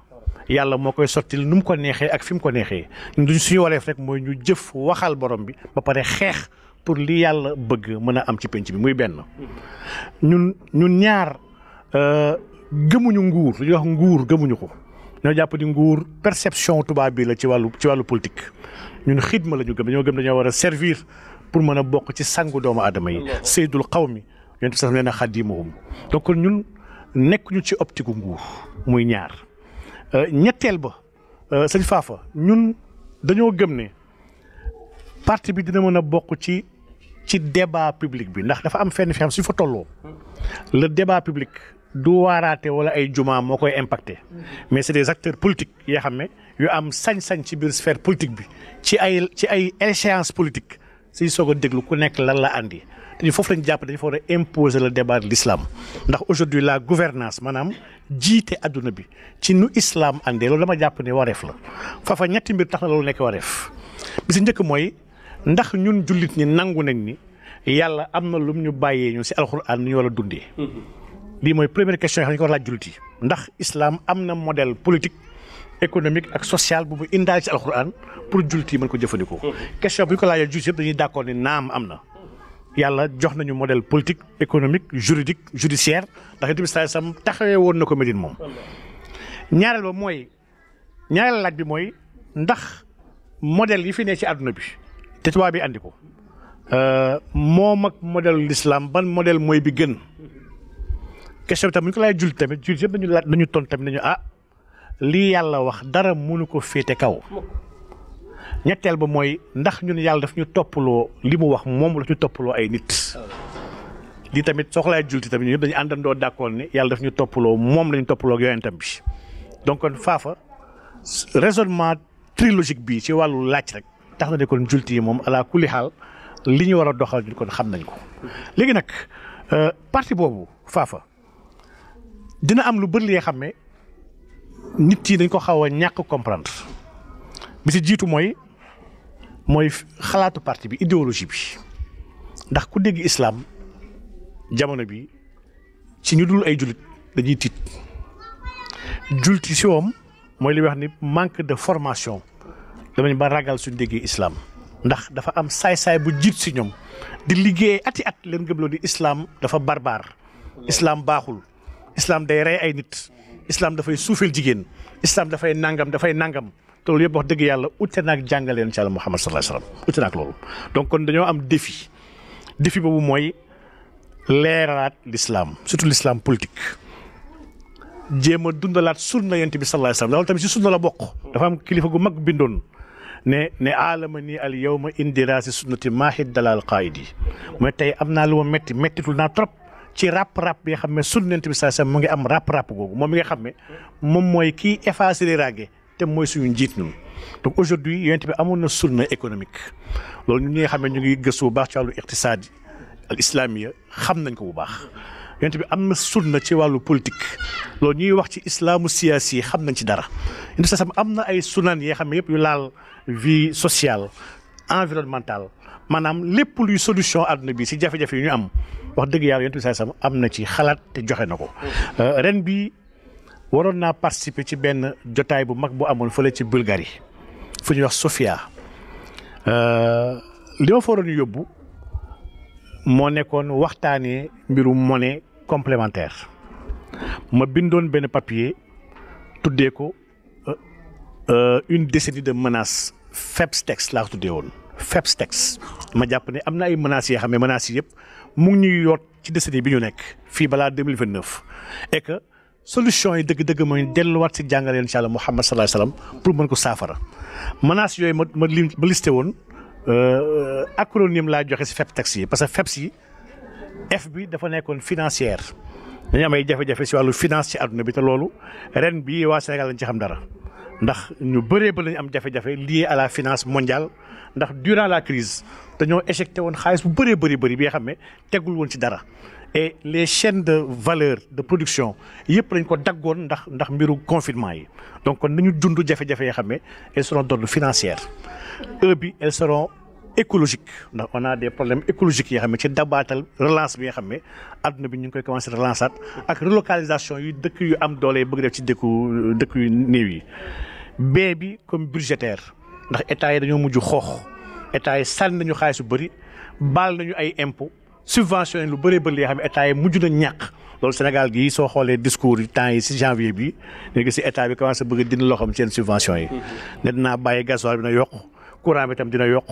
Speaker 4: yàlla moo koy sottil nu mu ko neexee ak fi mu ko neexee duñ suñu wareef rek mooy ñu jëf waxal borom bi ba pare xeex pour li yàlla bëgg mën a am ci penc bi muy benn. Mhm. ñun ñun ñaar euh, gëmuñu nguur li ñuy nguur gëmuñu ko. ñoo jàpp nguur perception tubaab bi la ci wàllu ci wàllu politique ñun xidma la ñu gëm dañoo gëm dañoo war a servir pour mën a bokk ci sangu doomu adama yi seydul qawmi yonent sax nee na xadimuhum donc ñun nekkuñu ci optiku nguur muy ñaar euh, ñetteel ba euh, sëñ faafa ñun dañoo gëm ne parti bi dina mën a bokk ci ci débat public bi ndax dafa am fenn fi xam su fa tolloo le débat public du waaraate wala ay jumaa moo koy impacté mais c'est des acteurs politiques yoo xam ne yu am sañ-sañ ci biir sphère politique bi ci ay ci ay échéance politique si soog a déglu ku nekk lan la andi te foofu lañu jàpp dañu fa war a imposer le débat de ndax aujourd'hui la gouvernance maanaam jiite adduna bi ci nu islaam andee loolu dama jàpp ne wareef la fafa ñetti mbir tax na loolu nekk wareef bi si njëkk mooy ndax ñun jullit ñi nangu nañ ni yàlla am na lum ñu bàyyee ñu si alxuraan ñu war a dundee. lii mhm. mooy première question yi xam ne ko war laaj jullit yi ndax islaam am na modèle politique. économique ak social bu mu indaale ci alxuraan pour jullit yi ko jëfandikoo. question bu ñu ko laajee juge yëpp dañuy d'accord ni naam am na. yàlla jox nañu modèle politique économique juridique judiciaire ndax Yonent bi sallallahu alayhi wasallam taxawee woon na ko Médine moom. ñaareel ba mooy ñaareel laaj bi mooy ndax modèle yi fi ne ci àdduna bi te tubaab bi andi ko. Euh, moom ak modèle l'islam ban modèle mooy bi gën question bi tam bu ñu ko laajee jullit tamit jullit yëpp dañu laaj dañu tontu tamit nañu ah. li yàlla wax dara munu ko féete kaw ñetteel ba mooy ndax ñun yàlla daf ñu toppaloo li mu wax moom la ñu toppaloo ay nit lii tamit soxlaay julti tamit ñun ñëpp dañu àndandoo d'accord ne yàlla daf ñu toppaloo moom lañu toppaloo ak yonentam bi donc kon faafa raisonnement trilogique bi ci wàllu laaj rek tax na ne kon julti yi moom ala kulli xaal li ñu war a doxal ñun kon xam nañ ko léegi nag euh, parti boobu faafa dina am lu bëri li nga nit yi dañ ko xaw ñàkk comprendre bi si jiitu mooy mooy xalaatu parti bi idéologie bi ndax ku dégg islaam jamono bi ci ñu dul ay jullit dañuy tiit julti si woom mooy li wax ni manque de formation damañ ba ragal suñ déggee islaam ndax dafa am saay-saay bu jiit si ñoom di liggéey ati at leen gëmloo di islam dafa barbaar islaam baaxul islaam day rey ay nit islaam dafay suufeel jigéen islam dafay nangam dafay nangam te loolu yëpp wax dëgg yàlla ute naag jàngale yoon ci yàlla Muhammad sallallahu alayhi wasallam ute naag kon dañoo am défi défi boobu mooy leeralaat l'islam surtout l'islam politique jéem a dundalaat sunna yonent bi sallallahu alayhi wasallam loolu tamit si sunna la bokk. dafa am kilifa gu mag bindoon. ne ne aalama nii al yawma indiraasi sunnati maahid dalal qaayid mooy tey am naa lu ma métti méttitul naa trop. ci rap rap bi nga xam ne sunnent bi sax mu ngi am rap rap googu moom mi nga xam ne moom mooy kii effacer les te mooy suñu njiit ñun donc aujourd'hui yonent bi amoon na sunna économique loolu ñun ñi nga xam ne ñu ngi gëstu bu baax ci wàllu iqtisaadi al islamiya xam nañ ko bu baax yonent bi am na sunna ci wàllu politique loolu ñuy wax ci islaamu siyaasi xam nañ ci dara yonent bi am na ay sunan yoo xam ne yëpp yu laal vie sociale environnementale maanaam lépp luy solution àdduna bi si jafe-jafe yu ñu am wax dëgg yàlla yonent bi saay sama am na ci xalaat te joxe na ko euh, ren bi waroon naa participer ci benn jotaay bu mag bu amoon fële ci Bulgarie fu ñuy wax Sofia euh, li ma fa waroon yóbbu moo nekkoon waxtaanee mbirum monnaie complémentaire ma bindoon benn papier tuddee ko euh, une décennie de menaces FEBSTEX laa tuddee woon FEBSTEX ma jàpp ne am na ay menaces yoo xam ne menaces yëpp. mu ngi ñuy yoot ci décennie bi ñu nekk fii balaa deux vingt neuf et que solution yi dëgg-dëgg mooy delluwaat si jàngale incha allah Muhammad sallallahu alayhi wa pour mën ko saafara menaces yooyu ma ma lim ma listé woon euh, acronyme laa joxe si FEPTEX yi parce que FEPS yi F bi dafa nekkoon financière dañu am ay jafe-jafe si wàllu finance aduna bi te loolu ren bii waa Sénégal lañ ci xam dara. ndax ñu bëree ba lañu am jafe-jafe lié à la finance mondiale ndax durant la crise dañoo éjecté woon xaalis bu bëree bëri bëri bi nga xam ne tegul woon ci dara et les chaines de valeur de production yëpp lañ ko daggoon ndax ndax mbiru confinement yi donc kon nañu dund jafe-jafe yoo xam ne elles seront d'ordre financier eux bi elles seront écologique ndax on a des problèmes écologiques yoo xam ne ci dabaatal relance bi nga xam ne adduna bi ñu ngi koy commencé relancer ak relocalisation yi dëkk yu am doole yi bëgg def ci dëkku dëkk yu néew yi. bee bi comme budgétaire ndax état yi dañoo mujj xoox état yi sànni nañu xaalis yu bëri baal nañu ay impôts subventionné lu bëree bëri yoo xam ne état yi mujj na ñàkk. loolu Sénégal gii soo xoolee discours yi temps yi si janvier bi nga gis état bi commencé bëgg dina loo xam seen subvention yi. ne dinaa bàyyi gasoil bi na yokk. courant bi tam dina yokk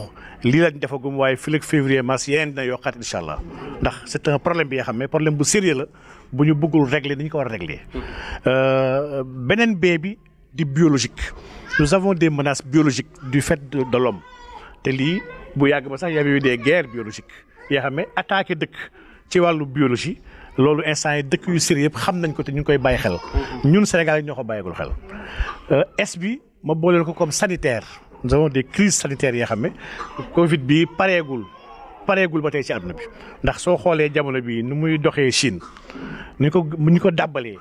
Speaker 4: lii lañ defagum waaye fii février mars yeneen dina yokkaat incha allah ndax c'est un problème bi nga xam ne problème bu sérieux la bu ñu bëggul régler ni ko war a régler. Euh, beneen bee bi di biologique nous avons des menaces biologiques du fait de, de te lii bu yàgg ba sax y avait eu des guerres biologiques xam dëkk ci wàllu biologie. loolu instant yi dëkk yu yëpp xam nañ ko te ñu ngi koy bàyyi xel ñun Sénégal yi ñoo ko bàyyigul xel es euh, bi ma booleel ko comme sanitaire nous avons des crises sanitaires yoo xam ne Covid bi pareegul pareegul ba tey ci àdduna bi ndax soo xoolee jamono bii nu muy doxee Chine ni ko ni ko dàbbalee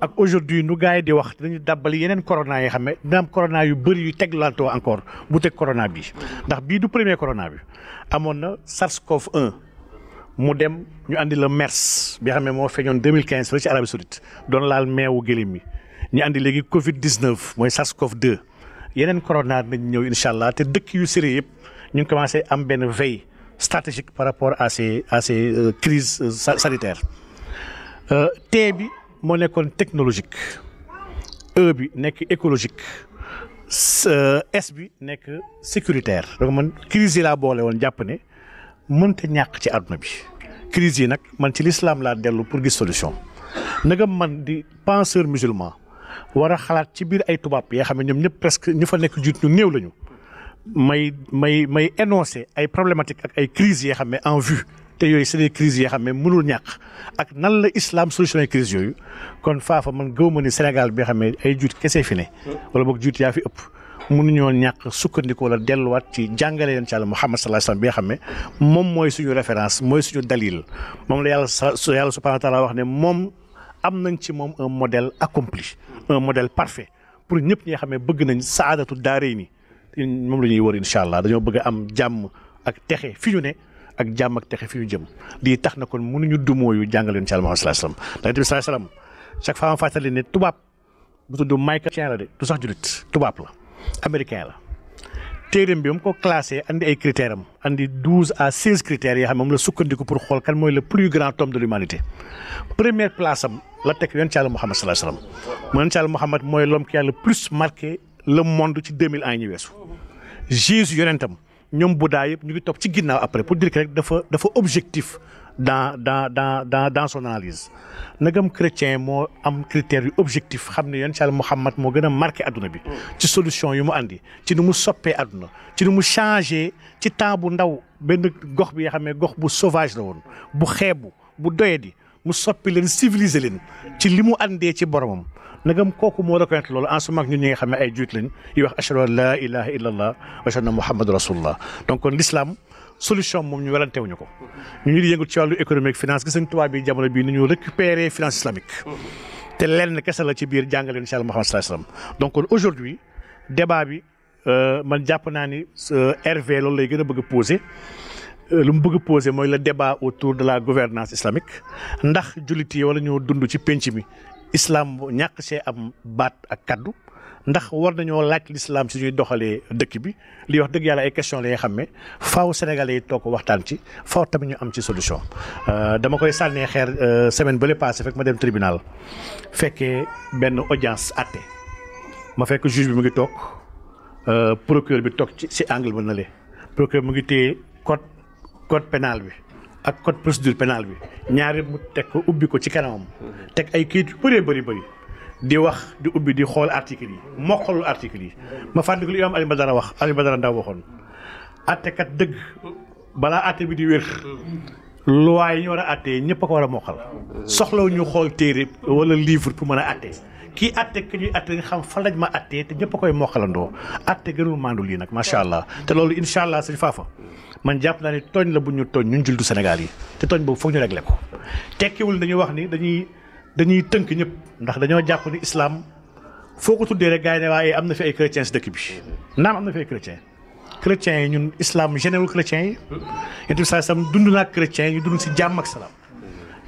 Speaker 4: ak aujourd'hui nu gars yi di wax dañu dàbbali yeneen corona yi xam ne dina am corona yu bëri yu teglantoo encore bu teg corona bii ndax bii du premier corona bi amoon na sars cov mu dem ñu andi la MERS bi xam ne moo feeñoon 2015 fële ci Arabie Saoudite doon laal meewu gëléem mi ñu andi léegi Covid 19 mooy SARS-CoV-2. yeneen corona nañ ñëw incha allah te dëkk yu sérieux yëpp ñu ngi commencé am benn veille stratégique par rapport a ces à ces euh, crises euh, sanitaires euh, T bi moo nekkoon technologique E bi nekk écologique S bi nekk sécuritaire donc man crise yi laa boole woon jàpp ne mënta ñàkk ci àdduna bi crise yi nag man ci lislaam laa dellu pour gis solution nagam man di penseur musulman war a xalaat ci biir ay tubaab yoo xam ne ñoom ñëpp presque ñu fa nekk jiit ñu néew lañu may may may énoncer ay problématiques ak ay crises yoo xam ne en vue te yooyu c'est des crises yoo xam ne mënul ñàkk ak nan la islam solutionné crise yooyu kon faafa man gëw ma ni Sénégal bi nga xam ne ay juut kese fi ne. wala boog juut yaa fi ëpp. mënuñoo ñàkk sukkandiku la delluwaat ci jàngale leen ci Yàlla Muhammad sallallahu alayhi wasallam bi nga xam ne moom mooy suñu référence mooy suñu dalil moom la yàlla sa yàlla subhanahu wa taala wax ne moom am nañ ci moom un modèle accompli. un modèle parfait pour ñëpp ñi nga xam ne bëgg nañ saadatu daaree ni moom la ñuy wër incha allah dañoo bëgg am jàmm ak texe fi ñu ne ak jàmm ak texe fi ñu jëm lii tax na kon mënuñu dumooyu jàngale yoon ci Muhammad sallallahu alayhi wa sallam chaque fois ma fàttali ne tubaab bu tudd Michael chien la de du sax julit tubaab la américain la téereem bi ba ko classé andi ay critères andi douze à seize critères yoo xam ne moom la sukkandiku pour xool kan mooy le plus grand homme de l'humanité première place am la teg yonent Yàlla Muhammad sallallahu alayhi wasallam yonent Yàlla Muhammad mooy l'homme qui le plus marqué le monde ci deux mille ans ñu weesu Jésus yonentam ñoom Bouddha yëpp ñu ngi topp ci ginnaaw après pour dire que rek dafa dafa objectif dans dans dans dans dans nagam chrétien moo am critères yu objectif xam ne yonent Yàlla Muhammad moo gën a marqué adduna bi. ci solution yu mu andi ci nu mu soppee adduna ci nu mu changé ci temps bu ndaw benn gox bi nga xam ne gox bu sauvage la woon bu xeebu bu doyadi mu soppi leen civiliser leen ci li mu andee ci boromam. nagam kooku moo reconnaître loolu en ce moment ñun ñi nga xam ne ay juit lañ yi wax ashhadu an laa ilaha illallah wa ashhadu anna muhammadu rasulullah donc kon solution moom ñu werante wuñu ko ñu ngi yëngu ci wàllu économique finance gis nañ tubaab bi jamono bii ni ñu récupérer finance islamique te lenn kese la ci biir jàngale yoon Yàlla Muhammad sallallahu alayhi wasallam donc kon aujourd'hui débat bi euh, man jàpp naa ni euh, RV loolu lay gën a bëgg a euh, lu mu bëgg a mooy le débat autour de la gouvernance islamique ndax jullit yi wala ñoo dund ci penc mi islam ñàkk see am baat ak kaddu ndax war nañoo laaj lislaam si ñuy doxalee dëkk bi li wax dëgg yàlla ay question la nga xam ne faaw sénégalais yi toog waxtaan ci faaw tamit ñu am ci solution euh, dama koy sànnee xeer euh, semaine bële passé fekk ma dem tribunal fekkee benn audience àtte ma fekk juge bi mu ngi toog euh, procureur bi toog ci si angle ba na le procureur mu ngi téye code code pénal bi ak code procédure pénale bi ñaari mu teg ko ubbi ko ci kanamam teg ay kayit yu bëree bëri bëri di wax di ubbi di xool article yi mokkalul article yi ma fàttaliku li imaam Ali wax Ali Badara Ndaw waxoon attekat dëgg balaa atte bi di wér loi yi ñu war a attee ñëpp a ko war a mokkal soxlaw ñu xool téere wala livre pour mën a attee kii atte ki ñuy atte nga xam fan lañ ma attee te ñëpp a koy mokkalandoo atte gënul maandu lii nag macha allah te loolu incha allah sëñ Fafa man jàpp naa ne tooñ la bu ñu tooñ ñun juldu Sénégal yi te tooñ boobu foog ñu réglé dañuy tënk ñëpp ndax dañoo jàpp ni islam foo ko tuddee rek gars ne waaye am na fi ay chrétiens si dëkk bi naam am na fi ay chrétiens chrétiens yi ñun islam généreux chrétiens yi yonent bi saa sam dund naa chrétiens yi dund si jàmm ak salaam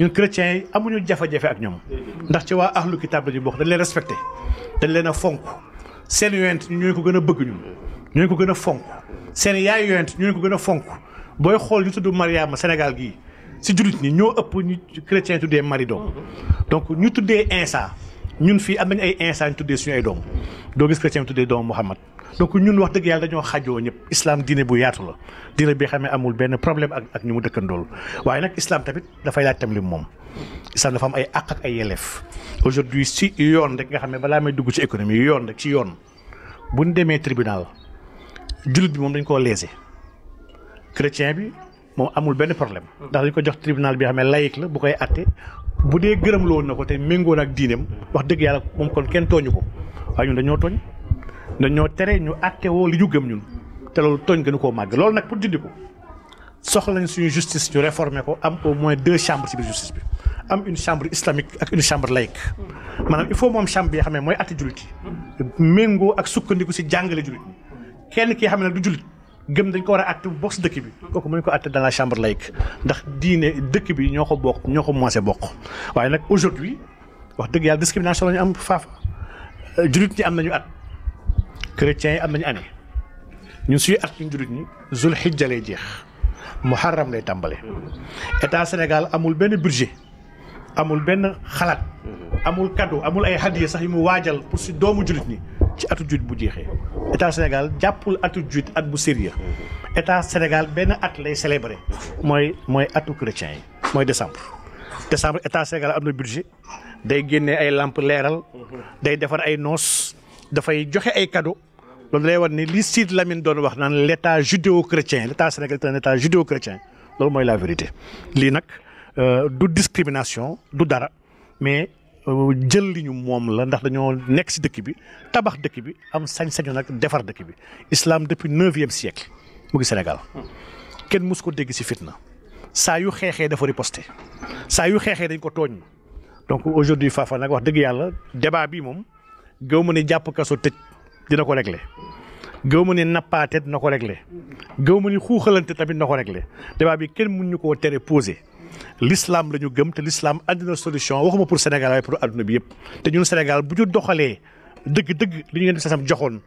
Speaker 4: ñun chrétiens yi amuñu jafe-jafe ak ñoom ndax ci waa ahlu kitaab la ñu dañ leen respecté dañ leen a fonk seen yonent ñooñu ko gën a bëgg ñun ñooñu ko gën a fonk seen yaay yonent ñu ko gën a fonk booy xool ñu tudd Mariama Sénégal gii si jullit ñi ñoo ëpp ñu chrétien tuddee mari doom donc ñu tuddee instant ñun fii am nañ ay instant ñu tuddee suñu ay doom doo gis chrétien tuddee doomu Muhammad donc ñun wax dëgg yàlla dañoo xajoo ñëpp islam diine bu yaatu la diine bi xamee amul benn problème ak ak ñu mu dëkkandool waaye nag islam tamit dafay laaj tam li moom islam dafa am ay àq ak ay yelleef aujourd'hui si yoon rek nga xam ne balaa may dugg ci économie yoon rek ci yoon bu ñu demee tribunal bi moom dañ koo léser bi moom amul benn problème ndax dañ ko jox tribunal bi xam ne laïque la bu koy atte bu dee gërëm loon na ko te méngoo nag diineem wax dëgg yàlla moom kon kenn tooñu ko waaye ñun dañoo tooñ ñoo tere ñu atte woo li ñu gëm ñun te loolu tooñ gënu koo màgg loolu nag pour dindi ko soxla nañ suñu justice ñu réformer ko am au moins deux chambres ci biir justice bi am une chambre islamique ak une chambre laïque maanaam il faut moom chambre bi nga xam ne mooy atte jullit yi méngoo ak sukkandiku si jàngale jullit kenn ki xam ne du jullit gëm dañ ko war a àtte bokk si dëkk bi kooku mënuñ ko àtte dans la chambre laïque ndax diine dëkk bi ñoo ko bokk ñoo ko moncé bokk waaye nag aujourd'hui wax dëgg yàlla discrimination la ñu am faafa euh, jurit ñi am nañu at chrétiens yi am nañu année ñu suy at ñun jullit ñi zul xijja lay jeex muharram lay tàmbale état Sénégal amul benn budget amul benn xalaat mm-hmm. amul cadeau amul ay hadiya sax yu mu waajal pour si doomu jullit ñi ci atu jullit bu jeexee état Sénégal jàppul atu jullit at bu sérieux mm-hmm. état Sénégal benn at lay célébrer mm-hmm. mooy mooy atu chrétien yi mooy décembre décembre état Sénégal am na budget day génne ay lampe leeral day defar ay noos dafay joxe ay cadeau loolu lay wan ni li Sidy Lamine doon wax naan l' état judéo chrétien l' état Sénégal est un état judéo chrétien loolu mooy la lii nag Euh, du discrimination du dara mais euh, jël li ñu moom la ndax dañoo nekk si dëkk bi tabax dëkk bi am sañ-sañu nag defar dëkk bi islam depuis neuvième siècle mu ngi Sénégal kenn mus ko dégg si fitna saa yu xeexee dafa riposté saa yu xeexee dañ ko tooñ donc aujourd'hui Fafa nag wax dëgg yàlla débat bii moom gëw ma ne jàpp kaso tëj dina ko réglé gëw ma ne nappaate dina ko regle gëw ma ne xuuxalante tamit dina ko réglé débat bi kenn mun ñu koo tere posé. lislaam la gëm te l'islam andi na solution waxuma pour Sénégal waaye pour adduna bi yëpp te ñun Sénégal bu ñu doxalee dëgg-dëgg li ñu leen di sasam joxoon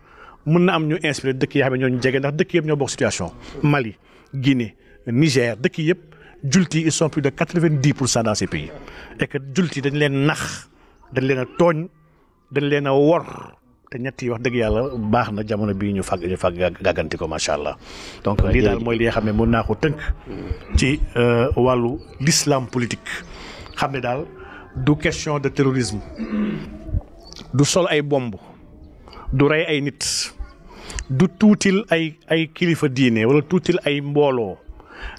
Speaker 4: mën na am ñu inspiré dëkk yi xam ne ñoo ñu jege ndax dëkk yëpp ñoo bokk situation Mali Guinée Niger dëkk yëpp julti ils sont plus de quatre vingt pour cent dans ces pays et que julti dañ leen nax dañ leen a tooñ dañ leen a wor te ñetti wax dëgg yàlla baax na jamono bii ñu fàgg ñu fàgg gàgganti ko macha allah. donc lii daal mooy li xam ne mën naa ko tënk. ci euh, wàllu l'islam politique. xam ne daal du question de terrorisme. du sol ay bomb. du rey ay nit. du tuutil ay ay kilifa diine wala tuutil ay mbooloo.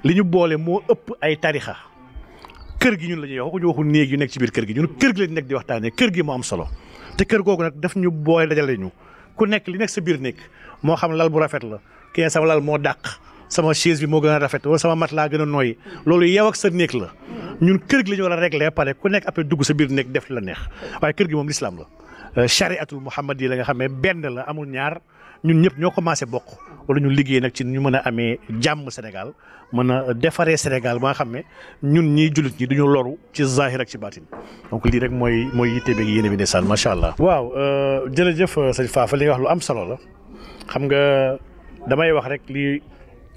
Speaker 4: li ñu boole moo ëpp ay tarixa kër gi ñun la ñuy wax waxuñu waxu néeg yu nekk ci biir kër gi ñun kër gi lañ nekk di waxtaanee kër gi moo am solo. te kër googu nag daf ñu booy dajale ñu ku nekk li nekk sa biir néeg moo xam lal bu rafet la kii sama lal moo dàq sama chaise bi moo gën a rafet wala sama mat laa gën a nooy loolu yow ak sa néeg la ñun kër gi la ñu a réglé pare ku nekk après dugg sa biir néeg def la neex waaye kër gi moom lislaam la chariatul euh, muhammad yi la nga xam ne benn la amul ñaar ñun ñëpp ñoo commencé bokk wala ñu liggéey nag ci ñu mën a amee jàmm Sénégal mën a defaree Sénégal ba nga xam ne ñun ñii jullit ñi duñu loru ci zahir ak ci baatin donc lii rek mooy mooy yitte beeg yéene bi ndeysaan macha allah. waaw euh, jërëjëf euh, sëñ Fafa li wax lu am solo la xam nga damay wax rek li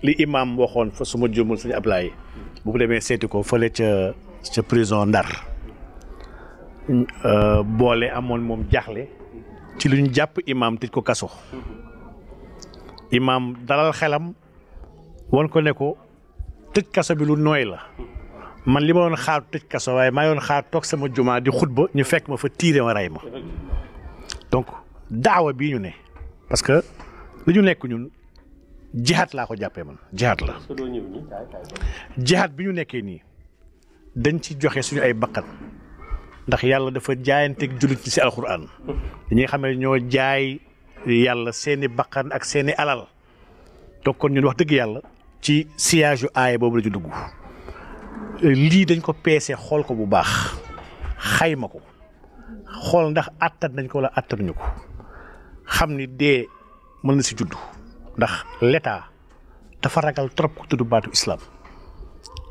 Speaker 4: li imam waxoon fa su ma jëmul sëñ Ablaye bu mu demee seeti ko fële ca ca prison Ndar euh, boole amoon moom jaaxle ci lu ñu jàpp imam tëj ko kaso. imaam dalal xelam wan ko ne ko tëj kaso bi lu nooy la man li ma doon xaar tëj kaso waaye maa xaar toog sama jumaa di xutba ñu fekk ma fa tiire ma rey ma donk daawa bii ñu ne parce que li ñu nekk ñun jihaat laa ko jàppee man jihaat la bi ñu nekkee nii dañ ci joxe suñu ay bakkan ndax yàlla dafa jaayanteeg jullit ci alxuraan dañuy xamee ñoo jaay yàlla seeni bakkan ak seeni alal donc kon ñun wax dëgg yàlla ci sillage yu aay boobu la ci dugg lii dañ ko peese xool ko bu baax xayma ko xool ndax àttan nañ ko wala attanuñu ko xam ni dee mën na si judd ndax l'état dafa ragal trop ku tudd baatu islam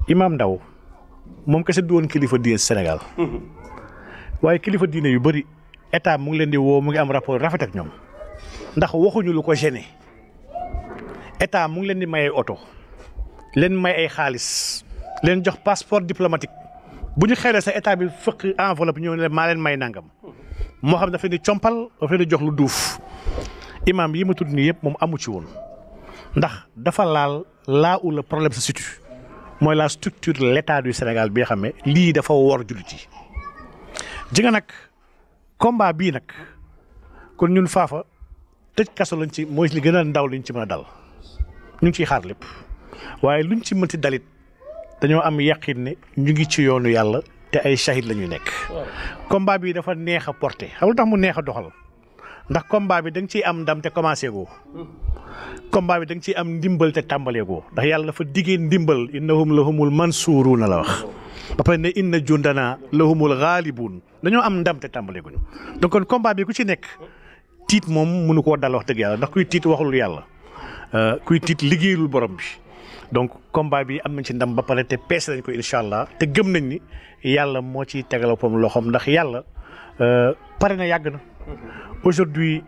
Speaker 4: imaam ndaw moom kese du woon kilifa diine Sénégal mm-hmm. waaye kilifa diine yu bari état mu ngi leen di woo mu ngi am rapport rafet ak ñoom. ndax waxuñu lu ko gêné état mu ngi leen di may ay oto leen may ay xaalis leen jox passeport diplomatique bu ñu xeelee sa état bi fëkk enveloppe ñëw ne maa leen may nangam moo xam dafa ni compal dafa ni jox lu duuf imaam yi ma tudd nii yëpp moom amu ci woon ndax dafa laal là où le problème se situe mooy la structure l'état du Sénégal bi xame lii dafa woor jullit yi ji nga nag bii nag kon ñun faafa. tëj kaso lañ ci mooy li gën a ndaw liñ ci mën a dal ñu ngi ciy xaar lépp waaye luñ ci mënti dalit dañoo am yaqin ne ñu ngi ci yoonu yàlla te ay shahid la ñu nekk. combat bii dafa neex a porté xam lu tax mu neex a doxal ndax combat bi da ciy am ndam te commencé goo. combat bi da nga ciy am ndimbal te tàmbalee goo ndax yàlla dafa diggee ndimbal innahum lahumul la wax. ba pare ne inna jundana lahumul xaalibuun dañoo am ndam te tàmbalee guñu donc kon combat bi ku ci nekk. tiit moom mënu koo dal wax dëgg yàlla ndax kuy tiit waxul yàlla euh, kuy tiit liggéeyul borom bi donc combat bi am nañ ci ndam ba pare te peese nañ ko incha allah te gëm nañ ni yàlla moo ciy tegal pom loxoom ndax yàlla euh, pare na yàgg na. aujourd'hui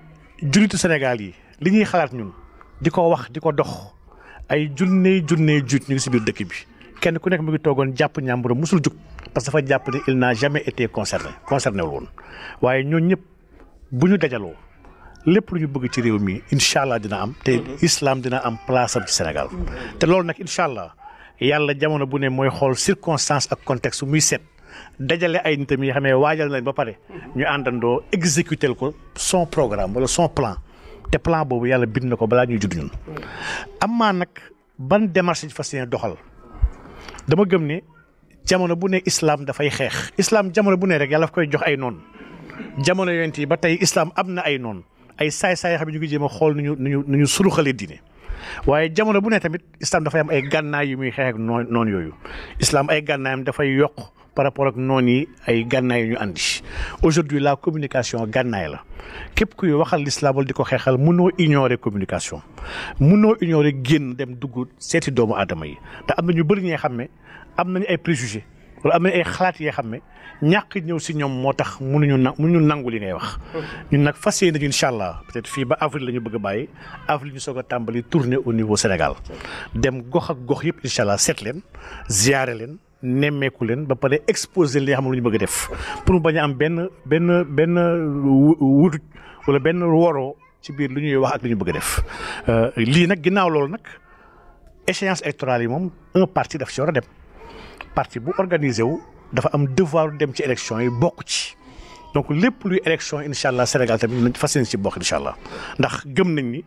Speaker 4: jullitu Sénégal yi li ñuy xalaat ñun di ko wax di ko dox ay junne junne juut ñu ngi si biir dëkk bi kenn ku nekk mu ngi toogoon jàpp ñàmburam musul jug parce que dafa jàpp ne il n'a jamais été concerné woon waaye ñooñu ñëpp bu ñu dajaloo. lépp lu ñu bëgg ci réew mi incha allah dina am. te mhm. islaam dina am place am ci Sénégal. te loolu nag incha allah yàlla jamono bu ne mooy xool circonstance ak contexte muy set dajale ay nitam yi xamee waajal nañ ba pare. Mhm. ñu àndandoo exécuter ko son programme wala son plan te plan boobu yàlla bind na ko balaa ñuy judd ñun. Mhm. amaa nag ban démarche fas doxal dama gëm ne jamono bu ne islaam dafay xeex. islaam jamono bu ne rek yàlla daf koy jox ay noon jamono yonent yi ba tey islam am na ay noon ay saay-saay xam ne ñu ngi jéem a xool nu ñu nu ñu nu ñu suruxalee diine waaye jamono bu ne tamit islam dafay am ay gànnaay yu muy xeex ak noon noonu yooyu islam ay gànnaayam dafay yokk par rapport ak noon yi ay gànnaay yu ñu andi aujourd'hui la communication gànnaay la képp kuy waxal l'islam wala di ko xeexal munoo ignorer communication mënoo ignorer génn dem dugg seeti doomu aadama yi te am na ñu bëri ñee xam ne am nañu ay préjugés loolu am na ay xalaat yoo xam ne ñàkk ñëw si ñoom moo tax mënuñu na ñu nangu li ngay wax. ñun nag fas yéene nañu incha allah peut fii ba avril lañu bëgg a bàyyi avril ñu soog a tàmbali tournée au niveau Sénégal dem gox ak gox yëpp incha allah seet leen ziare leen. nemmeeku leen ba pare exposé li nga xam lu ñu bëgg a def pour bañ am benn benn benn wutut benn woroo ci biir lu ñuy wax ak li ñu bëgg a def euh, lii nag ginnaaw loolu nag échéance électorale yi moom un parti daf si war a dem. parti bu organisé wu dafa am devoir dem ci élection yi bokk ci donc lépp luy élection incha allah Sénégal tamit nañ fas yéene ci bokk incha allah ndax gëm nañ ni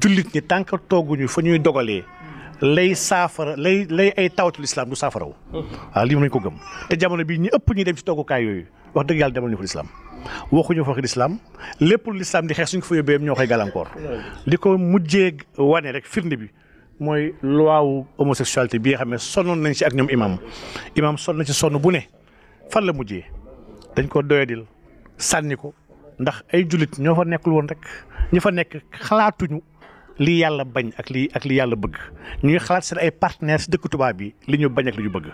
Speaker 4: jullit ñi tant que tooguñu fa ñuy dogalee. lay saafara lay lay ay tawatu lislaam du saafara wu. lii moom lañ ko gëm te jamono bii ñu ëpp ñu dem ci toogukaay yooyu wax dëgg yàlla demal ñu fa lislaam waxuñu fa wax lislaam lépp lu lislaam di xeex suñ ko fa yóbbee ñoo koy gàllankoor. li ko mujjee wane rek firnde bi. mooy loi wu homosexualité bi nga xam ne sonnoon nañ si ak ñoom imam imam sonn na ci sonn bu ne fan la mujjee dañ ko doyadil sànni ko ndax ay jullit ñoo fa nekkul woon rek ñi fa nekk xalaatuñu lii yàlla bañ ak lii ak li yàlla bëgg ñuy xalaat seen ay partenaires si dëkk tubaab yi li ñu bañ ak li ñu bëgg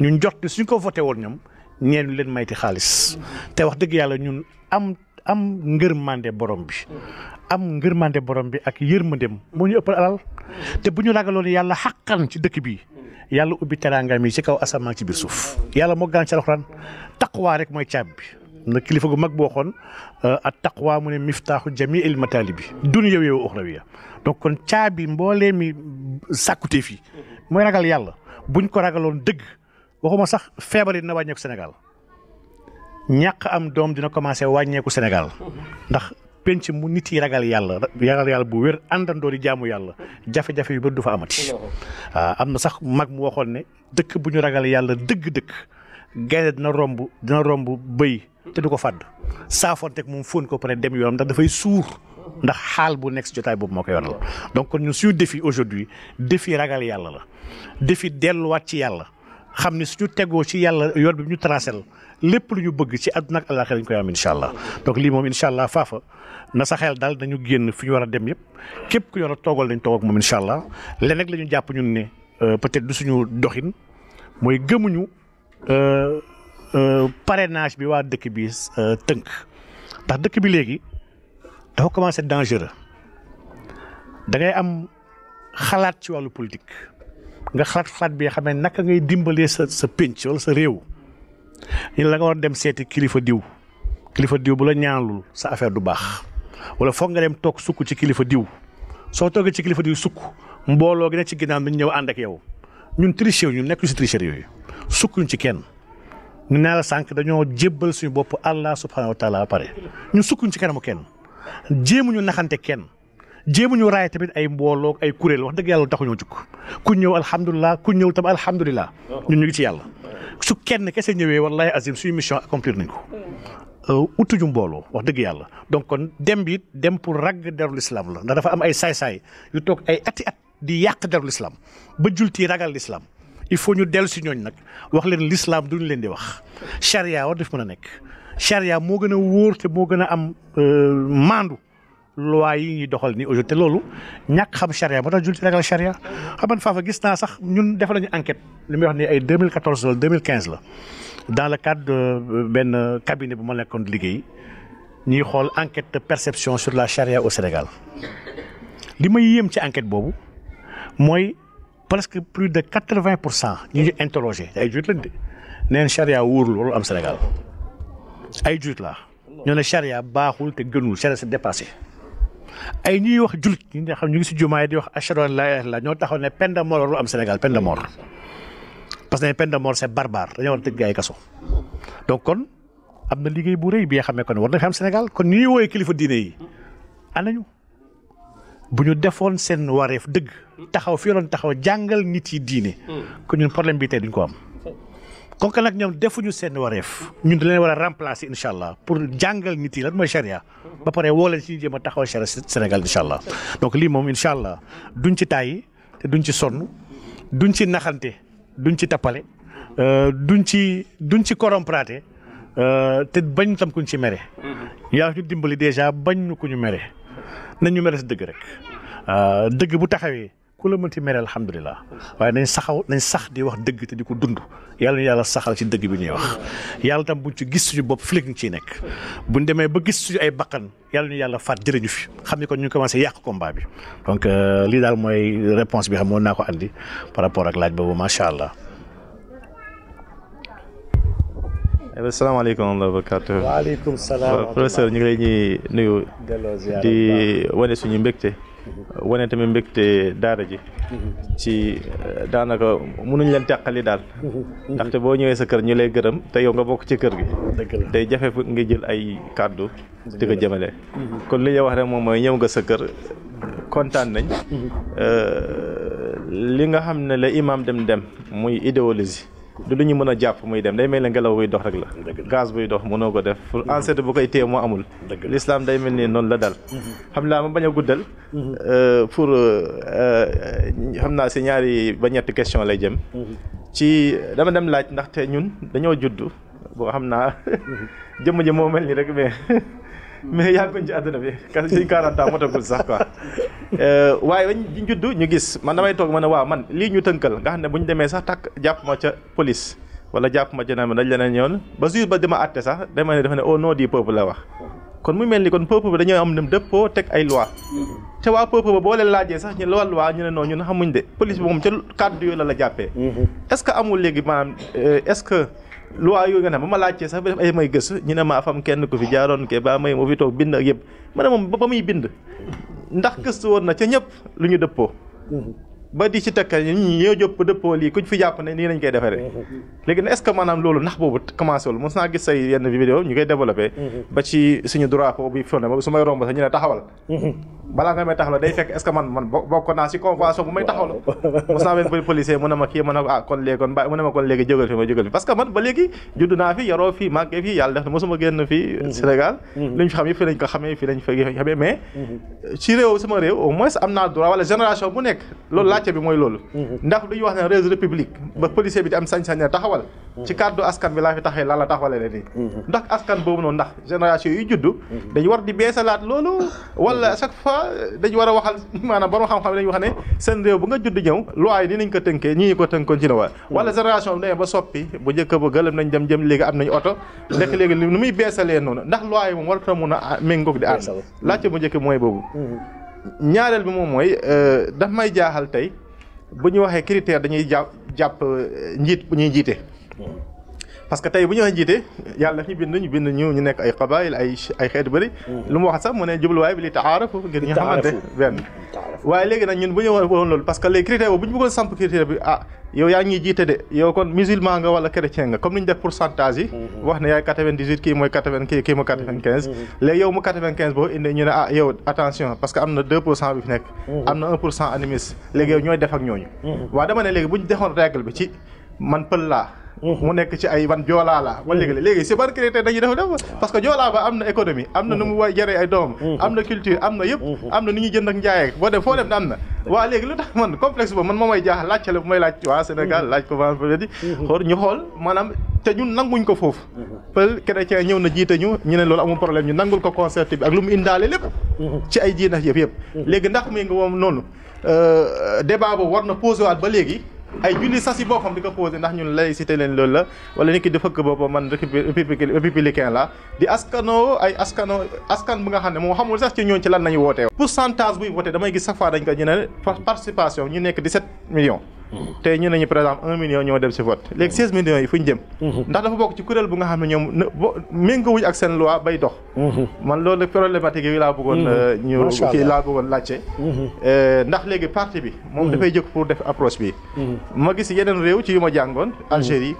Speaker 4: ñun jot suñ ko voté woon ñoom ñeen leen mayti xaalis te wax dëgg yàlla ñun am am ngërmande borom bi am ngërmande borom bi ak yërmandem moo ñu ëppal alal te bu ñu ragaloon yàlla xàqan ci dëkk bi yàlla ubbi teraangaam yi ci kaw asamaan ci biir suuf yàlla moo gaan ci alxuraan taqwa rek mooy caab bi na kilifa gu mag boo xoon at taqwa mu ne miftaaxu jami il mataali bi dunya wa uxrawiya donc kon caabi mboolee mi sàkkutee fii mooy ragal yàlla buñ ko ragaloon dëgg waxuma sax feebar yi na wàññeeku Sénégal ñàkk am doom dina commencé wàññeeku Sénégal ndax penc mu nit yi ragal yàlla ragal yàlla bu wér àndandoo di jaamu yàlla jafe-jafe yu bëri du fa amati. waaw am na sax mag mu waxoon ne dëkk bu ñu ragal yàlla dëgg dëkk gaynde dina romb dina romb bëy te du ko fàdd saafoon saafoonteeg moom fóon ko pare dem yoonam ndax dafay suur ndax xaal bu nekk jotaay boobu moo ko yoon yoonal donc kon ñun suñu défi aujourd'hui défi ragal yàlla la défi delluwaat ci yàlla xam ne suñu tegoo ci yàlla yoon ñu tracé la lépp lu ñu bëgg ci àdduna ak àllaaxira dañ koy am incha allah donc lii moom incha allah faafa na sa xel daal nañu génn fi ñu war a dem yëpp képp ku ñu war a toogal lañ toog ak moom incha allah leneen rek jàpp ñun ne euh, peut-être du suñu doxin mooy gëmuñu euh, euh, parrainage bi waa dëkk bi tënk ndax dëkk bi léegi dafa commencé dangereux da ngay am xalaat ci wàllu politique nga xalaat xalaat bi nga xam ne naka ngay dimbalee sa sa pénc wala sa réew. ñu la nga war dem seeti kilifa diw kilifa diw bu la ñaanlul sa affaire du baax wala foog nga dem toog sukk ci kilifa diw soo toogee ci kilifa diw sukk mbooloo gi ne ci ginnaaw dañu ñëw ànd ak yow ñun tricher ñu nekk ci tricher yooyu ci kenn. ñu ne la sànq dañoo jébbal suñu bopp Allah subhanahu wa taala ba pare ñu sukkuñ ci kanamu kenn jéemu ñu naxante kenn jéemuñu raay tamit ay mbooloo ay kuréel wax dëgg yàlla taxuñoo jukk ku ñëw alhamdulilah ku ñëw tam alhamdulilah su kenn kese ñëwee wallahi azim suñu mission accomplir nañ ko. Euh, uttu ju mbooloo wax dëgg yàlla donc kon dem bi dem pour ragg derul islam la ndax dafa am ay saay-saay yu toog ay ati at di yàq derul islam ba julti ragal l'islam il faut ñu dellu si ñooñ nag wax leen l'islam duñu leen di wax charia war daf mën a nekk charia moo gën a wóor te moo gën a am euh, maandu loi yi ñuy doxal loolu ñàkk xam charia moo tax jullit rek la charia xam nga gis naa sax ñun def nañu enquête li muy wax ni ay 2014 wala 2015 la dans le cadre de euh, benn cabinet bu ma nekkoon liggéey ñuy xool enquête de perception sur la charia au Sénégal li may yéem ci enquête boobu mooy presque plus de 80 pour cent ñu ñu interrogé ay jullit lañ de neen charia wóorul loolu am Sénégal ay jullit la ñoo ne charia baaxul te gënul charia c'est dépassé. ay ñuy wax jullit ñi nga xam ñu ngi si jumaay di wax ashhadu an laa ilaaha illallaah ñoo taxaw ne peine de mort warul am Sénégal peine parce que peine de mort c'est barbare dañoo war a tëj gaa yi kaso donc kon am na liggéey bu rëy bi nga xam ne kon war na fi am Sénégal kon ñuy woowee kilifa diine yi anañu bu ñu defoon seen wareef dëgg taxaw fi yoroon taxaw jàngal nit yi diine. Hmm. kon ñun problème bi tey duñ ko am. kon nag ñoom defuñu seen wareef ñun da leen war a remplacer incha allah pour jàngal nit yi lan mooy charia ba pare woo leen si ñu jéem a taxaw charia Sénégal incha allah donc lii moom incha allah duñ ci tàyyi te duñ ci sonn duñ ci naxante duñ ci tappale euh, duñ ci duñ ci korompraate euh, te bañ tam kuñ ci mere. Mm-hmm. yaa ñu dimbali dèjà bañ ñu ku ñu mere nañu ñu si dëgg rek euh, dëgg bu taxawee. ku la mënti mere alhamdulilah waaye nañ saxaw nañ sax di wax dëgg te di ko dund yàlla ñu yàlla saxal ci dëgg bi ñuy wax yàlla tam buñ ci gis suñu bopp fi lañ ciy nekk buñ demee ba gis suñu ay bakkan yàlla ñu yàlla faat jërëñu xam ni kon ñu commencé yàq combat bi donc euh, lii daal mooy réponse bi xam moon naa ko andi par rapport ak laaj boobu macha allah.
Speaker 1: Eh salaamaaleykum wa rahmatulah. waaleykum salaam ñu ngi lay nuyu. di wane suñu mbégte. wane tamit mbégte daara ji ci euh, daanaka mënuñ leen teqali daal ndaxte boo ñëwee sa kër ñu lay gërëm te yow nga bokk ci kër gi day jafe fu nga jël ay kàddu di jëmale mhm. kon li ñuy wax rek moom mooy ñëw nga sa kër kontaan nañ mhm. euh, li nga xam ne la imaam dem dem muy idéologie du lu ñu mën a jàpp muy dem day mel ne ngelaw buy dox rek la gaz buy dox mënoo ko def pour enceinte bu koy téye moo amul l'islam day mel ni noonu la dal mm-hmm. xam naa ma bañ a guddal mm-hmm. euh, pour euh, euh, xam naa si ñaari ba ñetti question lay jëm mm-hmm. ci dama dem laaj ndaxte ñun dañoo judd boo xam naa (laughs) jëmm ji moo mel ni rek mais (laughs) mais yàgguñ ci àdduna bi suñ 40 ans motagul sax quoi euh, waaye bañ ñu judd ñu gis man damay toog ma ne waaw man lii ñu tënkal nga xam ne bu ñu demee sax takk jàpp ma ca police wala jàpp ma jënam dañ leneen yoon ba jur ba dama àtte sax dama ne dafa ne au oh, nom du peuple la wax kon mu mel ni kon peuple bi am nem dëppoo teg ay loi te waa peuple boo leen sax ñu lool waa ñu ne noonu ñun xamuñ de police bi moom ca kàddu yooyu la la jàppee mm-hmm. loi yooyu nga ne ma ma laajtee sax ba def ay may gëstu ñu ne maa fam kenn ku fi jaaroon ke ba may moo fi toog bind ak yëpp ma moom ba muy bind ndax gëstu woon na ca ñëpp lu ñu dëppoo mhm. ba di ci tëkka ñi ñoo jëpp dëppoo lii kuñ fi jàpp ne nii lañ koy defaree mm-hmm. léegi na est ce loolu ndax boobu commencé wul gis say yenn vidéo ñu koy développé mm-hmm. ba ci suñu droit boobu filmé romb sax ñu ne taxawal mm-hmm. balaa nga may taxawal day fekk est man man ah, kon léegi judd naa fi yaroo fi màggee fi yàlla def na mosuma génn fii Sénégal liñ fi xam yëpp fi lañ ko xamee mais ci réew sama réew au moins am naa droit wala génération bu nekk loolu laaj wàcce bi mooy loolu mm-hmm. ndax duñu wax ne réseau république ba policier bi di am sañ-sañ ne taxawal mm-hmm. ci kàddu askan bi laa fi taxee lan la taxawale leen nii mm-hmm. ndax askan boobu noonu ndax génération yi judd dañu war di beesalaat loolu wala chaque fois dañu war a waxal maanaam borom xam-xam dañu wax ne seen réew bu nga judd ñëw loi yi ni nañ ko tënkee ñi ñu ko tënkoon ci ne waa wala génération bi demee ba soppi bu njëkk ba gëlëm nañ jëm jëm léegi am nañ oto lekk léegi nu muy beesalee noonu ndax loi yi moom war ta mun a méngoog di ànd laajte bu njëkk mooy boobu ñaareel bi moom mooy euh, daf may jaaxal tey bu ñu waxee critère dañuy jàpp jàpp euh, njiit bu ñuy jiite. parce que tey bu ñu waxee jiite yàlla daf ñu bind nekk ay qabaayil ay xeet bëri. Mmh. lu mu wax sax mu ne jubluwaay bi li taarafu ngir que les critères boobu bu ñu bëggoon samp ah, ngi jiite de musulman nga wala chrétien nga comme ni ñu def pourcentage yi. Mmh, mmh. wax ne yaay quatre dix huit kii mooy quatre-vingt kii kii mooy quatre yow mu quatre-vingt-quinze indee ñu ne ah yow ñooy def ñooñu. waaw dama ne léegi bu defoon règle bi ci man pël Mm-hmm. mu nekk ci ay wan joolaa ba léegi mm-hmm. léegi si ban critère dañuy def def parce que joolaa ba am na économie am na nu mu wa jëree ay doom mm-hmm. am na culture am na yëpp am na nu ñuy jënd ak njaayee boo dem foo dem am na jaax laajte la bu may laaj waa Sénégal laaj ko venpdi xool ñu xool maanaam te ñun nanguñ ko foofu pël chrétien ñëw na jiite ñu ñu ne loolu amul problème ñu nangul ko concert bi ak lu mu indaale lépp ci ay diina yëpp yëpp léegi ndax mi nga moom noonu euh, débat boobu war na posé waat ba léegi ay julli sax si boppam di ko posé ndax ñu ñun laïcité leen lool la wala nit ki di fëkk boppam man républicain la di askano ay askano askan bu nga xam ne moom xamul sax ci ñooñu ci lan nañu wootee pourcentage buy voté damay gis chaque fois dañ ko ñu ne participation ñu nekk 17 millions Mm-hmm. tey ñu ne ñu par exemple un million ñoo dem si vote mm-hmm. léegi seize millions yi fu ñu jëm mm-hmm. ndax dafa bokk ci kuréel bu nga xam ne ñoom méngoowuñ ak seen loi bay dox man loolu problématique yi laa bëggoon euh, ñu kii laa bëggoon laajte euh, ndax léegi parti bi moom dafay jëkk pour def approche bi ma gis yeneen réew ci yu ma jàngoon Algérie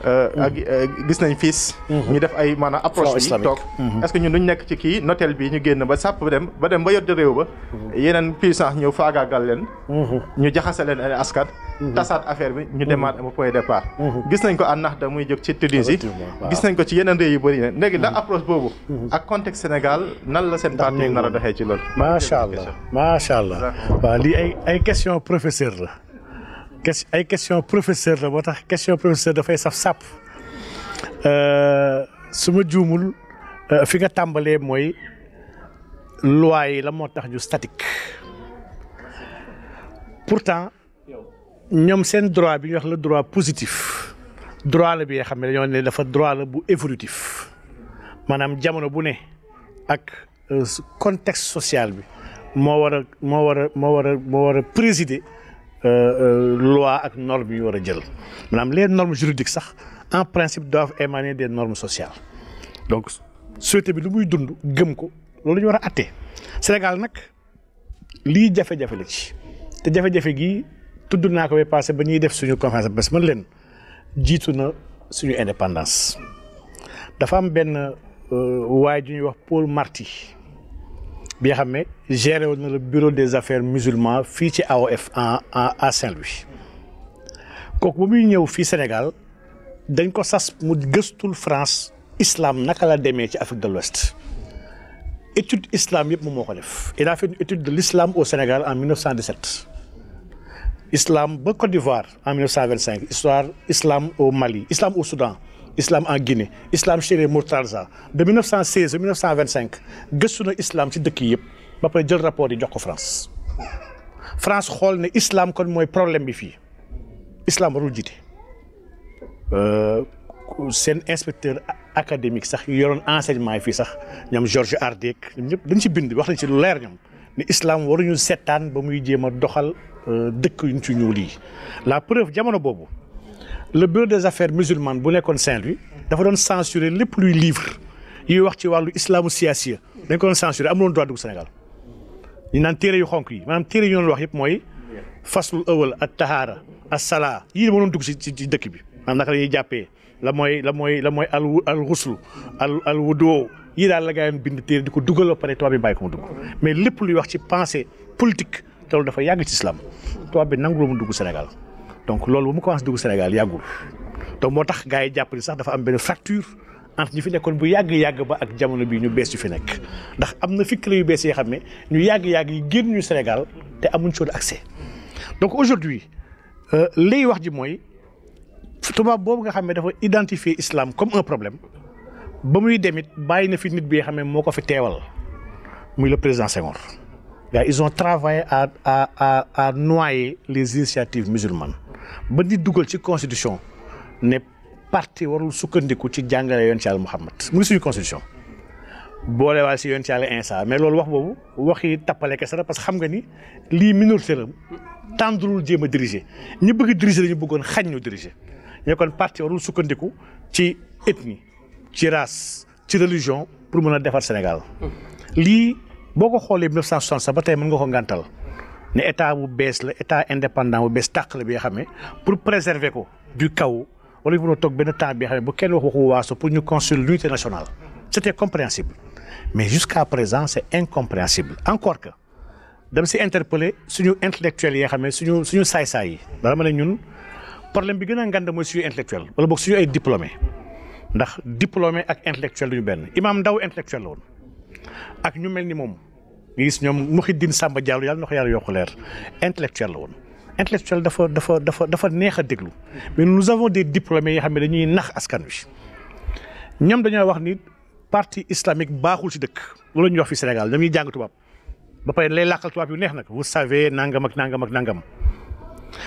Speaker 1: Euh, ak euh, gis nañ fiis mhm. ñu def ay maanaam approche bi toog mhm. est-ce que ñun duñ nekk ci kii notel bi ñu génn ba sàpp dem ba dem ba yoddi réew ba mhm. yeneen puissance ñëw faagaagal leen ñu jaxase leen ay askan tasaat affaire bi ñu demaat am point de départ gis nañ ko à nax da muy jóg ci Tunisie gis nañ ko ci yeneen réew yu bëri ne léegi ndax approche boobu ak contexte Sénégal nan la seen parti nar a doxee ci loolu macha allah macha allah
Speaker 4: lii ay ay question professeur la ay question professeur la boo tax question professeur dafay saf sàpp euh, su ma juumul euh, fi nga tàmbalee mooy loi yi la moo tax ñu statique pourtant ñoom seen droit bi ñu wax la droit positif droit la bi nga xam ne dañoo ne dafa droit la bu évolutif maanaam jamono bu ne ak euh, contexte social bi moo war a moo war a moo war a moo war a présider Euh, euh, loi ak normes yu war a jël maanaam les normes juridiques sax en principe doivent émaner des normes sociales donc société bi lu muy dund gëm ko loolu ñu war a attee Sénégal nag lii jafe-jafe la ci te jafe-jafe gii tudd naa ko ba passé ba ñuy def suñu conférence de presse man leen jiitu na suñu indépendance dafa am benn euh, waaye ju ñuy wax Paul Marty bi nga xam ne géré woon na le bureau des affaires musulmans fii ci AOF en à Saint-Louis kooku ba muy ñëw fii Sénégal dañ ko sas mu gëstul France islam naka la demee ci Afrique de l'Ouest étude islam yëpp moom moo ko def il a fait une étude de l'islam au Sénégal en 1917 islam ba Côte d'Ivoire en 1925 histoire islam au Mali islam au Soudan islam en Guinée islam chez les Murtaza de 1916 à 1925 gëstu na islam ci dëkk yëpp ba pare jël rapport yi jox ko France France xool ne islam kon mooy problème bi fii islam warul jiite euh, seen inspecteur académique sax yoroon enseignement yi fii sax ñoom Georges Ardèche ñoom ñëpp dañ ci bind wax nañ ci lu leer ñoom ne islam waruñu seetaan ba muy jéem a doxal euh, dëkk yuñ ci ñuul yi la preuve jamono boobu. le bureau des affaires musulmanes bu nekkoon Saint-Louis dafa doon censurer lépp luy livre yuy wax ci wàllu islamu siyaasiya dañ ko doon censurer amuloon droit dugg Sénégal ñu naan téere yu xonk yi maanaam téere yu ñu wax yëpp mooy faslul awal ak tahaara ak salaa yii moo dugg si ci dëkk bi maanaam naka la jàppee la mooy la mooy la mooy al al xuslu al al wudoo yii daal la gaa yoon bind téere di ko dugal pare tubaab bi bàyyi ko mu dugg mais lépp luy wax ci pensée politique te dafa yàgg ci islam tubaab bi nangu dugg Sénégal donc loolu bu mu commencé dugg Sénégal yàggul donc moo tax gars yi jàpp sax dafa am benn fracture entre ñi fi nekkoon bu yàgg-yàgg ba ak jamono bi ñu bees yu fi nekk ndax am na fikk la yu bees yi xam ne ñu yàgg-yàgg yi génn ñu Sénégal te amuñ ci woon accès donc aujourd'hui euh, liy wax ji mooy tubaab boobu nga xam ne dafa identifier islam comme un problème ba muy demit bàyyi na fi nit bi nga xam ne moo ko fi teewal muy le président Senghor gars ils ont travaillé à à à à noyer les initiatives musulmanes ba di dugal ci constitution ne parti warul sukkandiku ci jàngale yoon ci yàlla Muhammad mu ngi suñu constitution boolewaal si yoon ci yàlla Insa mais loolu wax boobu waxi tappale kese la parce que xam nga ni lii minorité la tàndulul jéem a diriger ñi bëgg diriger dañu bëggoon xañ ñu diriger ñu kon parti warul sukkandiku ci ethnie ci race ci religion pour mën a defar Sénégal mm. lii boo ko xoolee 1960 ba tey mën nga ko ngàntal ne état bu bees la état indépendant bu bees tàq la bi nga xam ne pour préserver ko du chaos wala ñu mën a toog benn temps bi nga ne bu kenn wax waxu pour ñu construire l'unité nationale c'était compréhensible mais jusqu'à présent c'est incompréhensible encore que dama si interpeller suñu intellectuels yi nga xam ne suñu suñu saay-saay yi dara ma ne ñun problème bi gën a ngand mooy suñu intellectuel wala boog suñu ay diplômé ndax diplômé ak intellectuel duñu benn Imam Ndaw intellectuel la woon ak ñu mel ni moom nga gis ñoom Mouhidine Samba Diallo yàlla na ko yàlla yokk leer intellectuel la woon intellectuel dafa dafa dafa neex a déglu mais nous avons des diplômés yoo xam ne dañuy nax askan wi ñoom dañoo wax ni parti islamique baaxul ci dëkk loolu la wax fi Sénégal dañuy jàng tubaab ba pare lay làqal tubaab yu neex nag vous savez nangam ak nangam ak nangam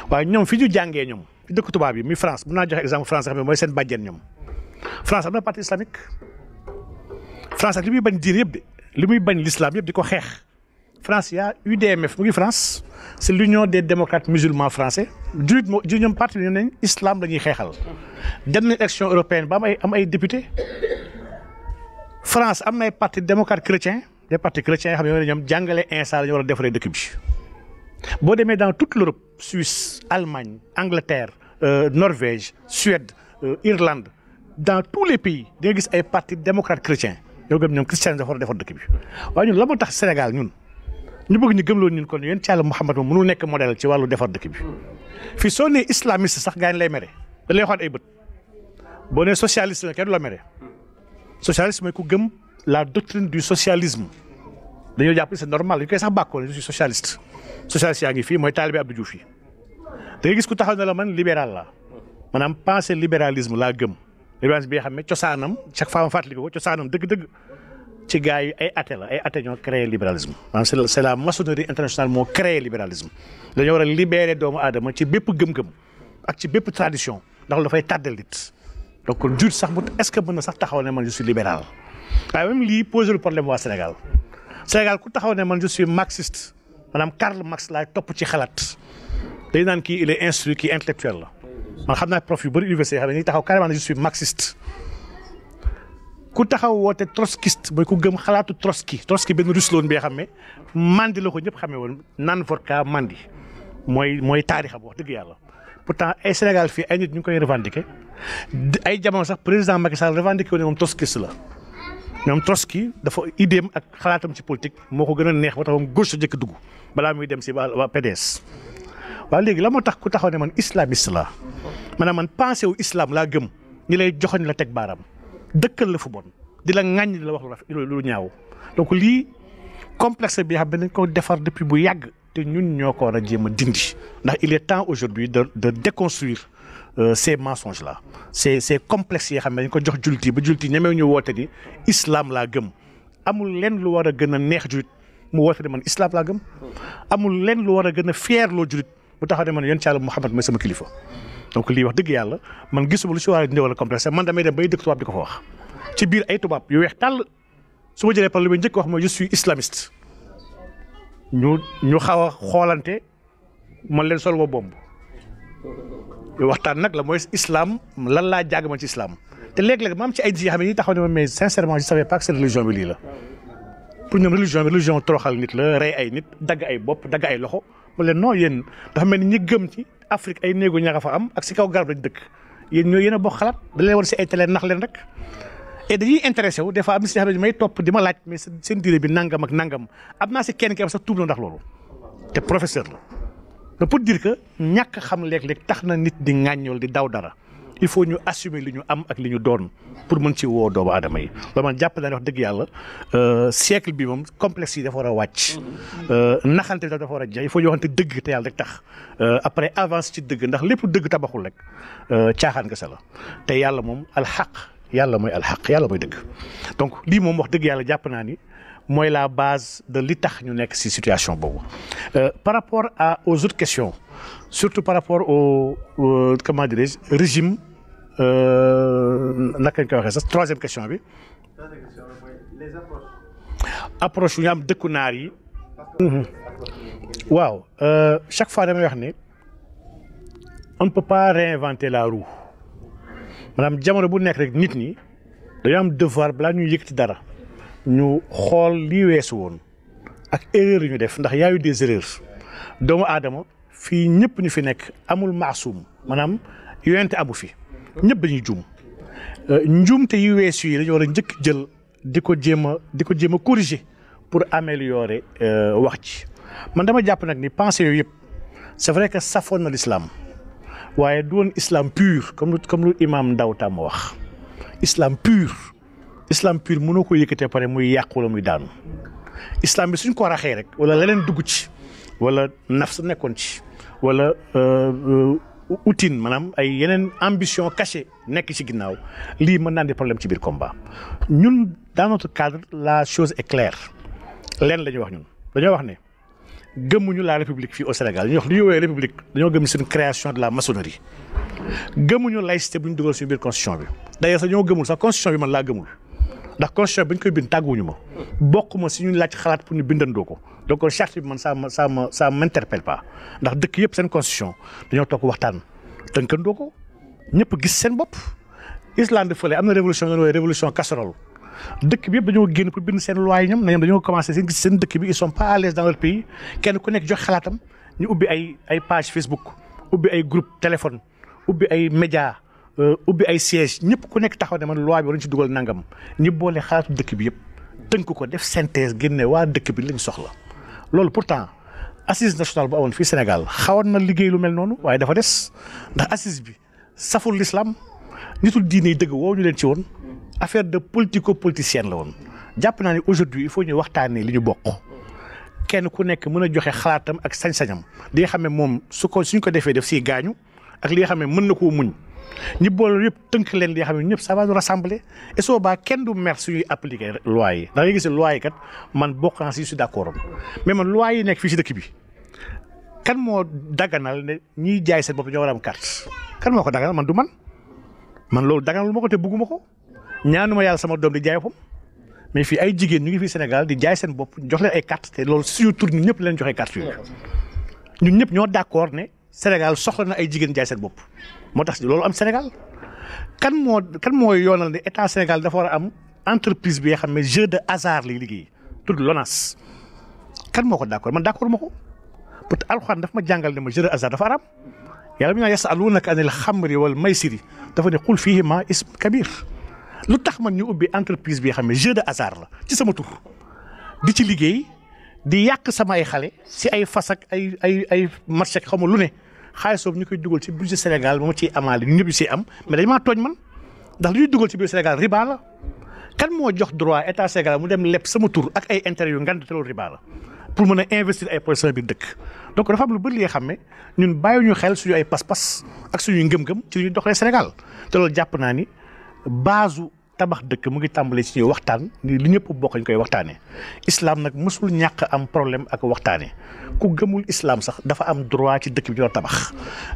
Speaker 4: waaye ñoom fi ñu jàngee ñoom ci dëkk tubaab yi muy France mun naa joxe exemple France xam ne mooy seen bàjjen ñoom France am na parti islamique li muy bañ l'islam yëpp di ko xeex France y a UDMF mu ngi France c'est l'union des démocrates musulmans français jullit moo ñoom parti bi ñoom nañ islam la ñuy xeexal dem nañ élection européenne ba am ay am ay député France am na ay parti démocrate chrétien des partis chrétiens yoo xam ne ñoom jàngale instant la ñu war a defaree dëkk bi boo demee dans toute l'Europe Suisse Allemagne Angleterre euh, Norvège Suède euh, Irlande dans tous les pays di gis ay parti démocrate chrétien ñoo gëm ñoom christianisme dafa war a defar dëkk bi waaye ñun la moo tax Sénégal ñun ñu bëgg ñu gëmloo ñun kon yéen nekk modèle ci wàllu defar dëkk bi fii soo nee islamiste sax gaañ lay mere da lay waxaat ay bët boo nee socialiste na kenn du la mere socialisme mooy ku gëm la doctrine du socialisme dañoo jàpp c'est normal dañu koy sax bàkkoo ne je suis socialiste socialiste yaa ngi fii mooy taalibe Abdou Diouf yi da ngay gis ku taxaw ne la man libéral la maanaam pensée libéralisme laa Ibrahima bi xam ne cosaanam chaque fois ma fàttali ko cosaanam dëgg-dëgg ci gars yi ay la ay athée ñoo créé libéralisme maanaam c'est la c'est la maçonnerie internationale moo créé libéralisme dañoo war a doomu aadama ci bépp gëm-gëm ak ci bépp tradition ndax lu dafay tàddal nit donc kon jur sax est-ce que mën na sax taxaw ne man je suis libéral waaye même lii posé le problème waa Sénégal Sénégal ku taxaw ne man je suis marxiste maanaam Karl Marx laay topp ci xalaat dañu naan kii il est instruit kii la. man xam naa prof yu bëri université xam ne ni taxaw carrément ne je ku taxaw woo te trotskiste mooy ku gëm xalaatu Trotsky Trotsky benn russe loon bi xam ne mandi la ko ñëpp xamee woon nan naan vodka mandi mooy mooy taarixam wax dëgg yàlla. pourtant ay Sénégal fii ay nit ñu koy revendiquer ay jamono sax président Macky Sall revendiqué wu ne moom trotskiste la ñoom Trotsky dafa idéem ak xalaatam ci politique moo ko gën a neex ba tax moom gauche sa njëkk dugg balaa muy dem si waa PDS. waaw léegi la moo tax ku taxaw ne man islamiste la maanaam man pensé wu islam laa gëm ñi lay joxoñ la teg baaraam dëkkal la fu bon di la ŋàññ di la wax lu rafet lu ñaaw donc lii complexe bi xam ne dañ ko defar depuis bu yàgg te ñun ñoo ko war a jéem a dindi ndax il est temps aujourd'hui de de déconstruire euh, ces mensonges là ces ces complexes yi xam ne dañ ko jox julti ba julti ñemew ñu woote ni islam laa gëm amul lenn lu war a gën a neex julit mu woote ni man islam laa gëm amul a a fier loo bu taxaw ne man yonent Yàlla Muhammad mooy sama kilifa donc lii wax dëgg yàlla man gisuma lu si war a néew su ma jëlee par li may njëkk wax mooy je suis a xoolante la mooy ma ci islam te léeg-léeg ma am ci ay ma mais sincèrement je bi la pour ñoom religion bi religion toroxal nit la rey ay nit dagg ay bopp dagg ay loxo mu leen non yéen dafa mel ni ñi gëm ci Afrique ay néegu ñax a fa am ak si kaw garab lañ dëkk yéen ñoo yéen a bokk xalaat da leen war si ay télé nax leen rek et dañuy intéressé wu des fois am na si may topp di ma laaj mais seen diire bi nangam ak nangam am naa si kenn ki am sa tuub na ndax loolu te professeur la pour diir que ñàkk xam léeg-léeg tax na nit di ŋàññool di daw dara il faut ñu assumer li ñu am ak li ñu doon pour mën ci woo doomu aadama yi ba man jàpp naa ne wax dëgg yàlla euh, siècle bi moom complexe yi dafa war a wàcc euh, naxante bi dafa war a jeex il faut ñu waxante dëgg te yàlla rek tax euh, après avance ci dëgg ndax lépp dëgg tabaxul rek caaxaan nga sa la te yàlla moom alxaq yàlla mooy alxaq yàlla mooy dëgg donc lii moom wax dëgg yàlla jàpp naa ni mooy la base de li tax ñu nekk ci situation boobu par rapport a aux autres surtout par naka lañ koy waxee sax troisième question bi. troisième approche yu ñu am dëkku naar yi. Mhm. waaw euh, chaque fois damay wax ne on ne peut pas réinventer la roue maanaam jamono bu nekk rek nit ñi dañoo am devoir balaa ñuy yëkkati dara ñu xool lii weesu woon ak erreur yu ñu def ndax yaayu des erreurs doomu aadama fii ñëpp ñu fi nekk amul maasum maanaam yonente amu fi. ñëpp dañuy juum euh, njuumte yu weesu yi dañu war a njëkk jël di ko jéem a di ko jéem a corriger pour améliorer euh, wax ci man dama jàpp nag ni pensée yooyu yëpp c'est vrai que safoon na l'islam waaye du woon islam pur comme comme lu imam Ndaw tam wax islaam pur islam pur mënoo ko yëkkatee pare muy yàqu wala muy daanu islam bi suñ ko raxee rek wala leneen dugg ci wala naf su nekkoon ci wala. Euh, outin maanaam ay yeneen ambition cachée nekk ci ginnaaw lii mën naa di problème ci biir combat ñun dans notre cadre la chose est claire lenn la ñuy wax ñun dañoo wax ne gëmmuñu laa république fii au Sénégal ñu wax li ñu woowee république dañoo gëm seen création de la maçonnerie gëmmuñu laïcité bu ñu dugal suñu biir constitution bi d'ailleurs sax ñoo gëmul sax constitution bi man laa gëmul ndax constitution bi ñu koy bind tàgguwuñu ma bokk ma si ñu laaj xalaat pour ñu bindandoo ko donc euh, charte bi man ça ma ça ma ça m'interpelle pas ndax dëkk yëpp seen constitution dañoo toog waxtaan doo ko ñëpp gis seen bopp. Islande fële am na révolution ñu woowee révolution casserole dëkk bi yëpp dañoo génn pour bind seen loi yi ñoom ñoom dañoo commencé seen gis seen dëkk bi ils pas à dans leur pays kenn ku nekk jox xalaatam ñu ubbi ay ay page Facebook ubbi ay groupe téléphone ubbi ay média euh, ubbi ay siège ñëpp ku nekk taxaw ne man loi bi war nañu dugal nangam ñu boole xalaatu dëkk bi yëpp tënk ko def synthèse génne waa dëkk bi lañ soxla. loolu pourtant assise nationale ba amoon fii Sénégal xawoon na liggéey lu mel noonu waaye dafa des ndax assise bi saful l'islam nitul diine yi dëgg woowu ñu leen ci woon affaire de politico politicienne la woon jàpp naa ne aujourd'hui il faut ñu waxtaanee li ñu bokk kenn ku nekk mën a joxe xalaatam ak sañ-sañam li nga ne moom su ko suñ ko defee def siy gaañu ak li nga xam ne mën na koo muñ ñi boole yëpp tënk leen li nga xam ne ñëpp ça va nous rassembler et baa kenn du mer suñuy appliquer loi yi da ngay gis loi yi kat man bokk naa si je suis mais man loi yi nekk fii si dëkk bi kan moo daganal ne ñiy jaay seen bopp ñoo war a am carte kan moo ko man du man man loolu daganal ma ko te bugguma ko ñaanuma yàlla sama doom di jaay boppam mais fii ay jigéen ñu ngi fii Sénégal di jaay seen bopp jox leen ay carte te loolu surtout ñun ñëpp leen joxee carte yooyu ñun ñëpp ñoo d'accord ne Sénégal soxla na ay jigéen jaay seen bopp moo tax loolu am Sénégal kan moo kan mooy yoonal ne état Sénégal dafa war a am entreprise bi nga xam ne jeu de hasard lay liggéey tudd LONASE kan moo ko d' man d' accord ma ko peut être alxuraan daf ma jàngal ne ma jeu de hasard dafa aram yàlla mi naa yasalunaka anil xamri wal maysiri dafa ne qul fihima ism kabir lu tax man ñu ubbi entreprise bi nga xam ne jeu de hasard la ci sama tur di ci liggéey di yàq sama ay xale si ay fasak ay ay ay marché xaw ma lu ne. xaalis boobu ñu koy dugal ci budget Sénégal ba ma ciy amaale ñu ñëpp ñu siy am mais dañ tooñ man ndax li ñuy dugal ci budget Sénégal riba la kan moo jox droit état Sénégal mu dem leb sama tur ak ay intérêt yu ngand te loolu riba la pour mën a investir ay projet bi dëkk donc dafa am lu bëri li nga xam ne ñun bàyyiwuñu xel suñu ay pas-pas ak suñuy ngëm-ngëm ci li ñuy doxalee Sénégal te loolu jàpp naa ni base tabax dëkk mu ngi tàmbali ci waxtaan ni lu ñëpp bokk ñu koy waxtaanee islam nag mësul ñàq am problème ak waxtaanee ku gëmul islaam sax dafa am droit ci dëkk bi ñu tabax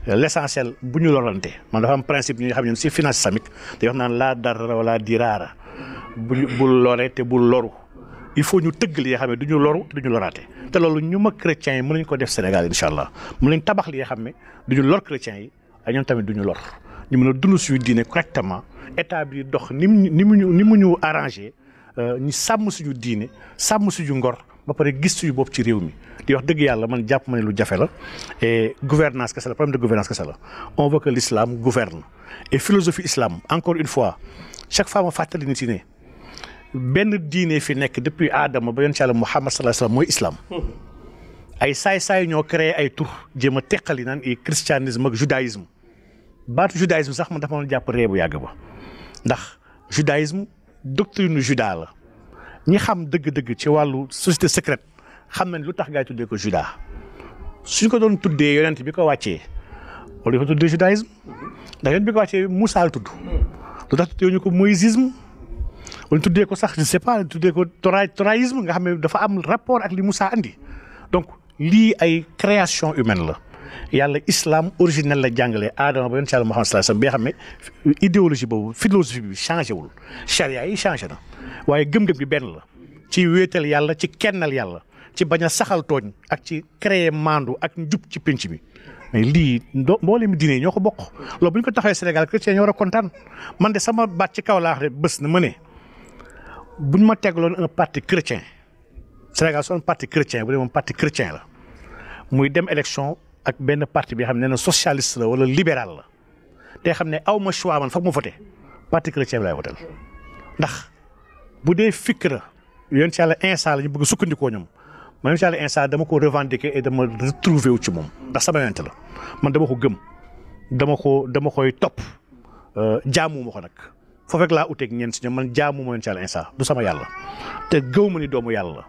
Speaker 4: l'essentiel bu ñu lorante man dafa am principe ñu xam ñun ci finance islamique day wax naan laa darara wala diraara bu bul loree te bul loru il faut ñu tëgg li nga xam ne du ñu loru du ñu loraate te loolu ñu ma chrétiens yi mën ko def Sénégal incha allah mu nañ tabax li nga xam ne du ñu lor chrétiens yi ak ñoom tamit du ñu lor ñu mën a dund suñu diine correctement état bi dox ni mu ni mu ñu ni mu ñu arrangé euh, ñu sàmm suñu diine sàmm suñu ngor ba pare gis suñu bopp ci réew mi di wax dëgg yàlla man jàpp ma ne lu jafe la et gouvernance kese la problème de gouvernance kese la on veut que l'islam gouverne et philosophie islam encore une fois chaque fois ma fàttali nit yi ne benn diine fi nekk depuis Adama ba yonent Yàlla Muhammad sallallahu alayhi wa sallam mooy islam. ay saay-saay ñoo créé ay tur jéem a teqali naan i christianisme ak judaïsme baatu judaïsme sax man dafa mën jàpp réew bu yàgg ba. ndax judaïsme doctrine juda la ñi xam dëgg-dëgg ci wàllu société secret xam nañ lu tax gaa yi tuddee ko juda suñ ko doon tuddee yonent bi ko wàccee wala ñu ko tuddee judaïsme ndax yonent wàccee Moussa la tudd lu tax tuddee ñu ko moïsisme wala tuddee ko sax je ne sais pas tuddee ko tora toraïsme nga xam ne dafa am rapport ak li Moussa andi donc lii ay création humaine la. yàlla islam originel la jàngalee aadama ba yonent yàlla Muhammad sallallahu alayhi xam ne idéologie boobu philosophie bi changé wul charia yi changé na waaye gëm-gëm bi benn la ci wéetal yàlla ci kennal yàlla ci bañ a saxal tooñ ak ci créer mandu ak njub ci pénc bi mais lii do mboolem diine ñoo ko bokk loolu bu ñu ko taxee Sénégal chrétien ñoo war a kontaan man de sama baat ci kaw laa wax de bés na ma ne buñ ma teg tegloon un parti chrétien Sénégal son parti chrétien bu dee parti chrétien la muy dem élection ak benn parti bi xam ne ne socialist la wala libéral la te xam ne aw ma choix man foog ma voté parti chrétien bi laay voté ndax bu dee fikra yoon ci yàlla bëgg sukkandikoo ñoom man ci yàlla instant dama ko revendiquer dama retrouver wu ci moom ndax sama yonent la man dama ko gëm dama ko dama koy topp euh, jaamu ma ko nag foofu rek laa uteeg ñeent si ñoom man jaamu ma yoon ci yàlla instant du sama yàlla te gëw ma ni doomu yàlla la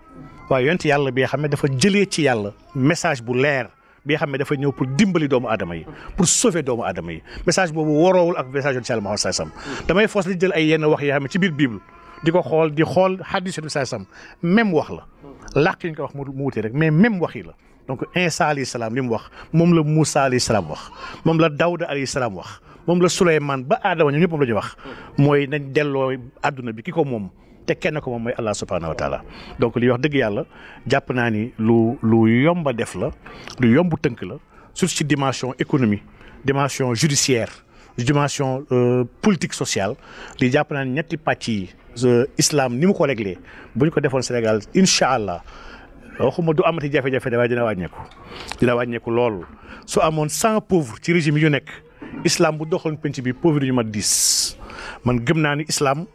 Speaker 4: waaye yonent yàlla bi xam ne dafa jëlee ci yàlla message bu leer. bi nga xam ne dafa ñëw pour dimbali doomu aadama yi pour sauver doomu aadama yi message boobu waroowul ak message yoon wax la làkk yi ñu ko wax mu wutee rek mais même wax yi la donc Isa alayhi salaam li mu wax moom la Moussa alayhi salaam wax moom la Dawda alayhi salaam wax moom la Souleymane ba aadama ñoom ñëpp moom wax mooy nañ delloo àdduna bi ki ko moom te kenn ko moom mooy allah subhanahu wa taala donc li wax dëgg yàlla jàpp naa ni lu lu yomba def la lu yomb tënk la surtout ci dimension économie dimension judiciaire dimension euh, politique sociale li jàpp naa ni ñetti pàcc yi euh, islam ni mu ko réglé bu ñu ko defoon Sénégal incha allah waxuma du amati jafe-jafe waaye dina wàññeeku dina wàññeeku lool su amoon cent pauvres ci régime yu nekk islam bu doxoon penc bi pauvres ñu mat dix man gëm naa ni islam.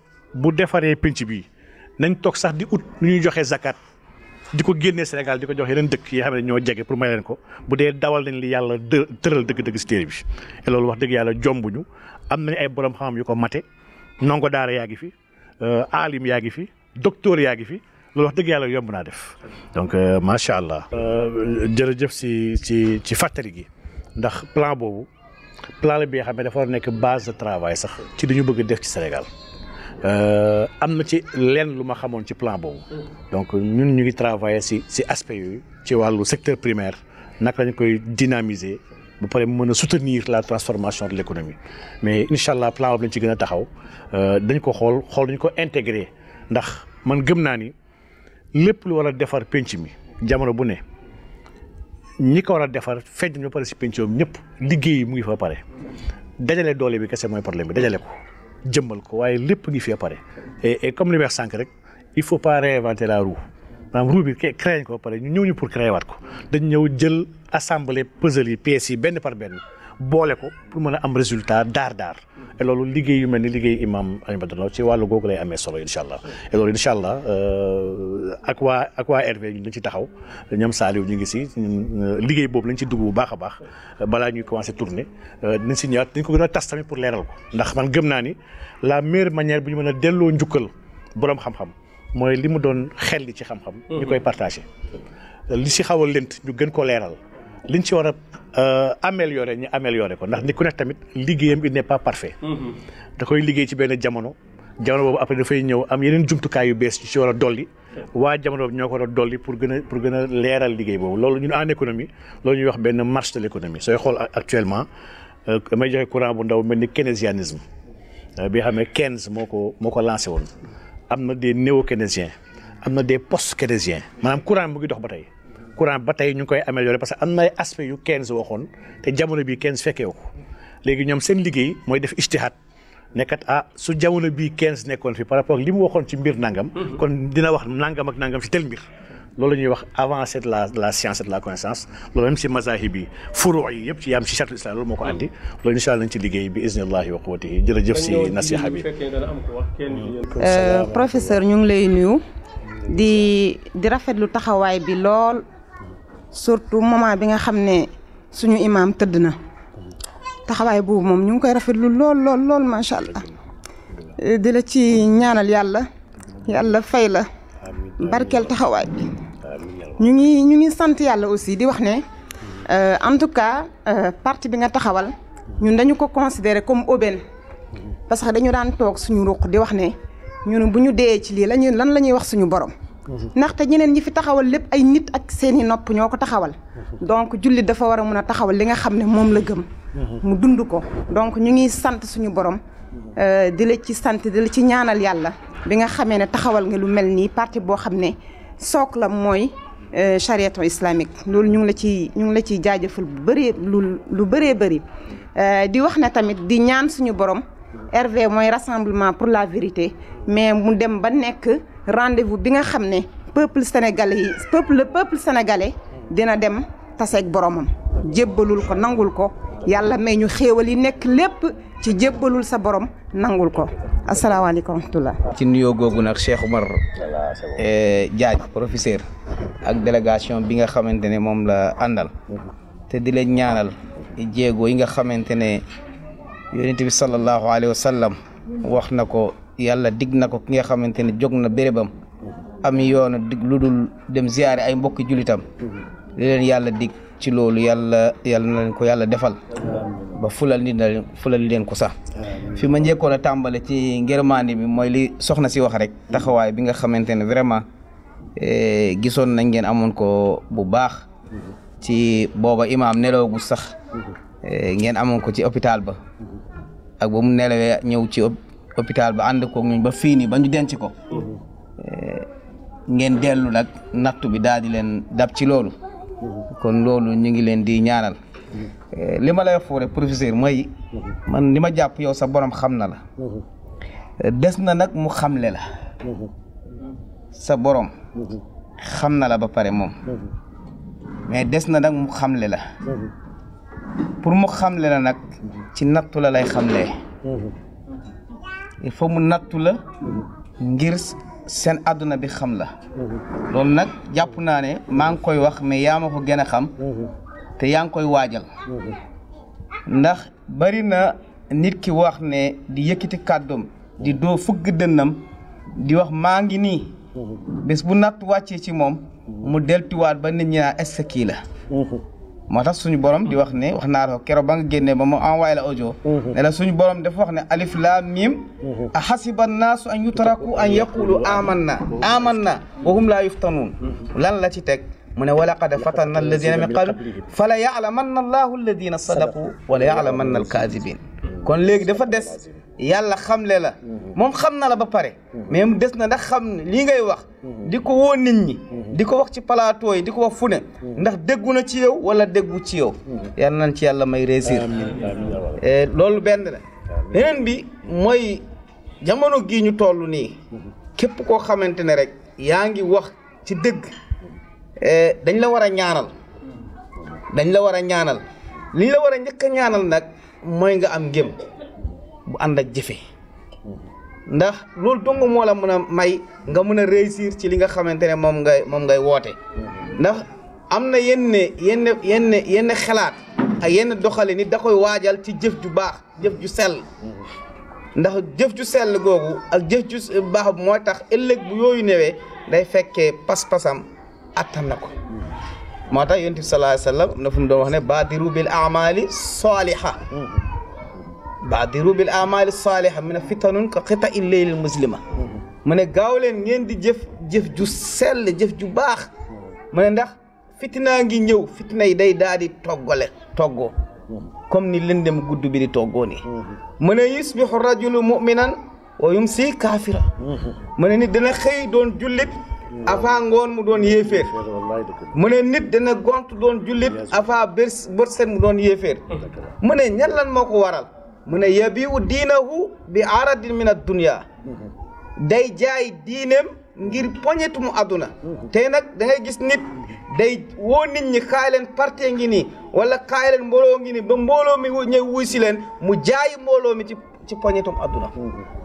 Speaker 4: bu defaree pénc bi nañ toog sax di ut lu ñuy joxe zakat di ko génnee Sénégal di ko jox yeneen dëkk yi xam ne ñoo jege pour may leen ko bu dee dawal nañ li yàlla tëral dëgg-dëgg si téere bi. loolu wax dëgg yàlla jombuñu am nañ ay borom xam yu ko mate ndongo daara yaa ngi fi euh, alim yaa ngi fi docteur yaa ngi fi. loolu wax dëgg yàlla yomb naa def donc euh, macha allah. Euh, jërëjëf si ci ci fàttali gi ndax plan boobu plan bi nga xam ne dafa war nekk base de travail sax ci li ñu bëgg def ci Sénégal. Euh, am na ci lenn lu ma xamoon ci plan boobu. Mm. donc ñun ñu ngi travailler si si aspect yooyu ci wàllu secteur primaire naka lañ koy bu ba mu mën a soutenir la transformation de l' mais incha allah plan boobu lañ ci gën a taxaw euh, dañ ko xool xool dañ ko intégrer ndax man gëm naa ni lépp lu war a defar penc mi jamono bu ne ñi ko war a defar feeñ ba pare si pencoom ñëpp liggéey mu ngi fa pare dajale doole bi kese mooy problème bi dajale ko. jëmmal ko waaye lépp ngi fi a pare et comme li wax sànq rek il faut pas réinventer la roue maanaam roue bi créé ko pare ñu ñëw ñu pour créé waat ko dañ ñëw jël assemblée puzzle yi pièces yi benn par benn boole ko pour mën a am résultat daar daar et loolu liggéey yu mel ni liggéey imam Alioune Badara Ndao ci wàllu googu lay amee solo incha allah et loolu incha allah euh, ak waa ak waa RV ñu dañ ci taxaw ñoom saaliw ñu ngi si euh, liggéey boobu lañ ci dugg bu baax a baax balaa ñuy commencé tourner euh, dinañ si ñëwaat dañ ko gën a tas pour leeral ko ndax man gëm naa ni la meilleure manière bu ñu mën a delloo njukkal boroom xam-xam mooy li mu doon xel li ci xam-xam mm-hmm. ñu koy partagé li si xaw a ñu gën ko leeral liñ ci war a euh, améliorer ñu améliorer ko ndax nit ko nekk tamit liggéeyam il ne pas parfait. Mm-hmm. da koy liggéey ci benn jamono. jamono boobu après dafay ñëw am yeneen jumtukaay yu bees yu ci war a dolli waa jamono boobu ñoo ko war a dolli pour gën a pour gën a leeral liggéey boobu loolu ñu ne en économie loolu ñuy wax benn marche de l'économie sooy xool actuellement damay euh, joxe courant bu ndaw mel ni keynésianisme euh, bi nga xam ne Keynes moo ko moo ko lancé woon am na des néo-keynésiens am na des post-keynésiens maanaam courant mu ngi dox ba tey courant ba tey ñu ngi koy améliorer parce que am na ay yu waxoon te jamono bii Keynes fekkee ah, jamono bii Keynes fi par rapport ak li mu waxoon ci mbir nangam. Mhm. kon dina wax nangam ak nangam si tel mbir. loolu la ñuy wax avancée de la science et la connaissance loolu moo ko andi mhm. loolu incha allah nañ ci liggéey bi iznillahi wa quwwatihi
Speaker 3: jërëjëf si nasiha bi euh, professeur
Speaker 4: ñu ngi lay nuyu
Speaker 7: di di rafetlu taxawaay bi lool surtout moment bi nga xam ne suñu imaam tëdd na taxawaay boobu moom ñu ngi koy rafetlu lool lool lool macha allah di la ci ñaanal yàlla yàlla fay la barkeel taxawaay ñu ngi ñu ngi sant yàlla aussi di wax ne euh, en tout cas euh, partie bi nga taxawal ñun dañu ko considéré comme aubaine mm-hmm. parce que dañu daan toog suñu ruq di wax ne ñun bu ñu dee ci lii la ñuy lan la ñuy wax suñu borom. ndaxte ñeneen ñi fi taxawal lépp ay nit ak seeni nopp ñoo ko taxawal donc jullit dafa war a mun a taxawal li nga xam ne moom la gëm mu dund ko donc ñu ngi sant suñu borom euh, di la ci sant di la ci ñaanal yàlla bi nga xamee ne taxawal nga lu mel nii parti boo xam ne sook la mooy euh, chariaton islamique loolu ñu ngi la ci ñu ngi la ciy jaajëfal bu bëree lu lu bëree bëri euh, di wax na tamit di ñaan suñu borom RV mooy rassemblement pour la vérité mais mu dem ba nekk rendez-vous bi nga xam ne peuple sénégalais yi peuple le peuple sénégalais dina dem taseeg boromam jébbalul ko nangul ko yàlla may ñu xéewal yi nekk lépp ci jébbalul sa borom nangul ko asalaamaaleykum wa rahmatulah.
Speaker 8: ci nuyoo googu nag Cheikh Oumar eh, Diagne professeur ak délégation bi nga xamante ne moom la àndal te di leen ñaanal jéego yi nga xamante ne yonent bi sallallahu alayhi wa sallam wax na ko yàlla digg na ko ki nga xamante ne jóg na bérébam am yoon a dig lu dul dem ziyaare ay mbokki julitam li leen yàlla dig ci loolu yàlla yàlla na ko yàlla defal ba fulal nit na leen leen ko sax fi ma njëkkoon a tàmbale ci ngërmaandi mi mooy li soxna si wax rek taxawaay bi nga xamante ne vraiment e, gisoon nañ ngeen amoon ko bu baax ci booba imaam nelawagul sax mm-hmm. e, ngeen amoon ko ci hôpital ba ak ba mu nelawee ñëw ci hôpital ba ànd koog ñun ba fii nii ba ñu denc ko ngeen dellu nag nattu bi daal di leen dab ci loolu kon loolu ñu ngi leen di ñaanal li ma lay foore professeur mooy man li ma jàpp yow sa borom xam na la des na nag mu xamle la sa borom xam na la ba pare moom mais des na nag mu xamle la pour mu xamle la nag ci nattu la lay xamlee il faut mu nattu la ngir seen àdduna bi xam la loolu nag jàpp naa ne maa ngi koy wax mais yaa ma ko gën a xam te yaa ngi koy waajal ndax bari na nit ki wax ne di yëkkati kàddoom di doo fugg dënnam di wax maa ngi nii bés bu natt wàcce ci moom mu deltuwaat ba nit ñi naa est la moo tax suñu borom di wax ne wax naa la ko keroog ba nga génnee ba ma envoyé la audio mhm. ne la suñu borom dafa wax ne alif laam miim mhm. a xasiba naasu an yutraku an yaqulu amanna amanna wa hum laa yuftanuun mhm. lan la ci teg mu ne walaqad fatanna alladina min qabl fala ya'lamanna allahu alladina sadaqu wala ya'lamanna alkaadibin kon léegi dafa des yàlla xamle la mhm. moom xam na la ba pare mhm. mais mu des na ndax xam ne lii ngay wax mhm. di ko woo nit ñi di ko wax ci plateau yi di ko wax fu ne ndax déggu na ci yow wala déggu ci yow yal nañ ci yàlla may réussir eh, loolu benn la beneen bi mooy jamono gii ñu toll nii képp koo xamante ne rek yaa ngi wax ci dëgg eh, dañ la war a ñaanal dañ la war a ñaanal liñ la war a njëkk ñaanal nag mooy nga am ngëm bu ànd ak jëfe ndax loolu dong moo la mën a may nga mën a réussir ci li nga xamante ne moom ngay moom ngay woote ndax am na yenn yenn yenn yenn xalaat yenn doxali ni da koy waajal ci jëf ju baax jëf ju sel ndax jëf ju sell googu ak jëf ju baax mooy tax ëllëg bu yooyu newee day fekkee pas-pasam attan na ko moo tax yonent bi sallallahu alayhi wa sallam mu doon wax ne baadiru bil amali saaliha baadiru di amali saaliha mu ne fitanun ka xita i leylil muslima mu ne gaaw leen ngeen di jëf jëf ju sell jëf ju baax mu ne ndax fitinaa ngi ñëw fitina yi day daal di toggale toggoo comme ni lëndëm gudd bi di toggoo ni mu ne yusbihu rajulu muminan wa yumsi kaafira mu ne nit dana xëy doon jullit avant ngoon mu doon yéeféer mu ne nit dana gont doon jullit avant bër bërset mu doon yéeféer mu ne ñan lan moo ko waral mu ne yabiu diinahu bi aradin min ad-dunya day jaay diineem ngir poñetu mu àdduna tey nag dangay gis nit day woo nit ñi kaay leen ngi nii wala kaay leen ngi nii ba mbooloo mi ñëw wuy si leen mu jaay mbooloo mi ci ci poñetum àdduna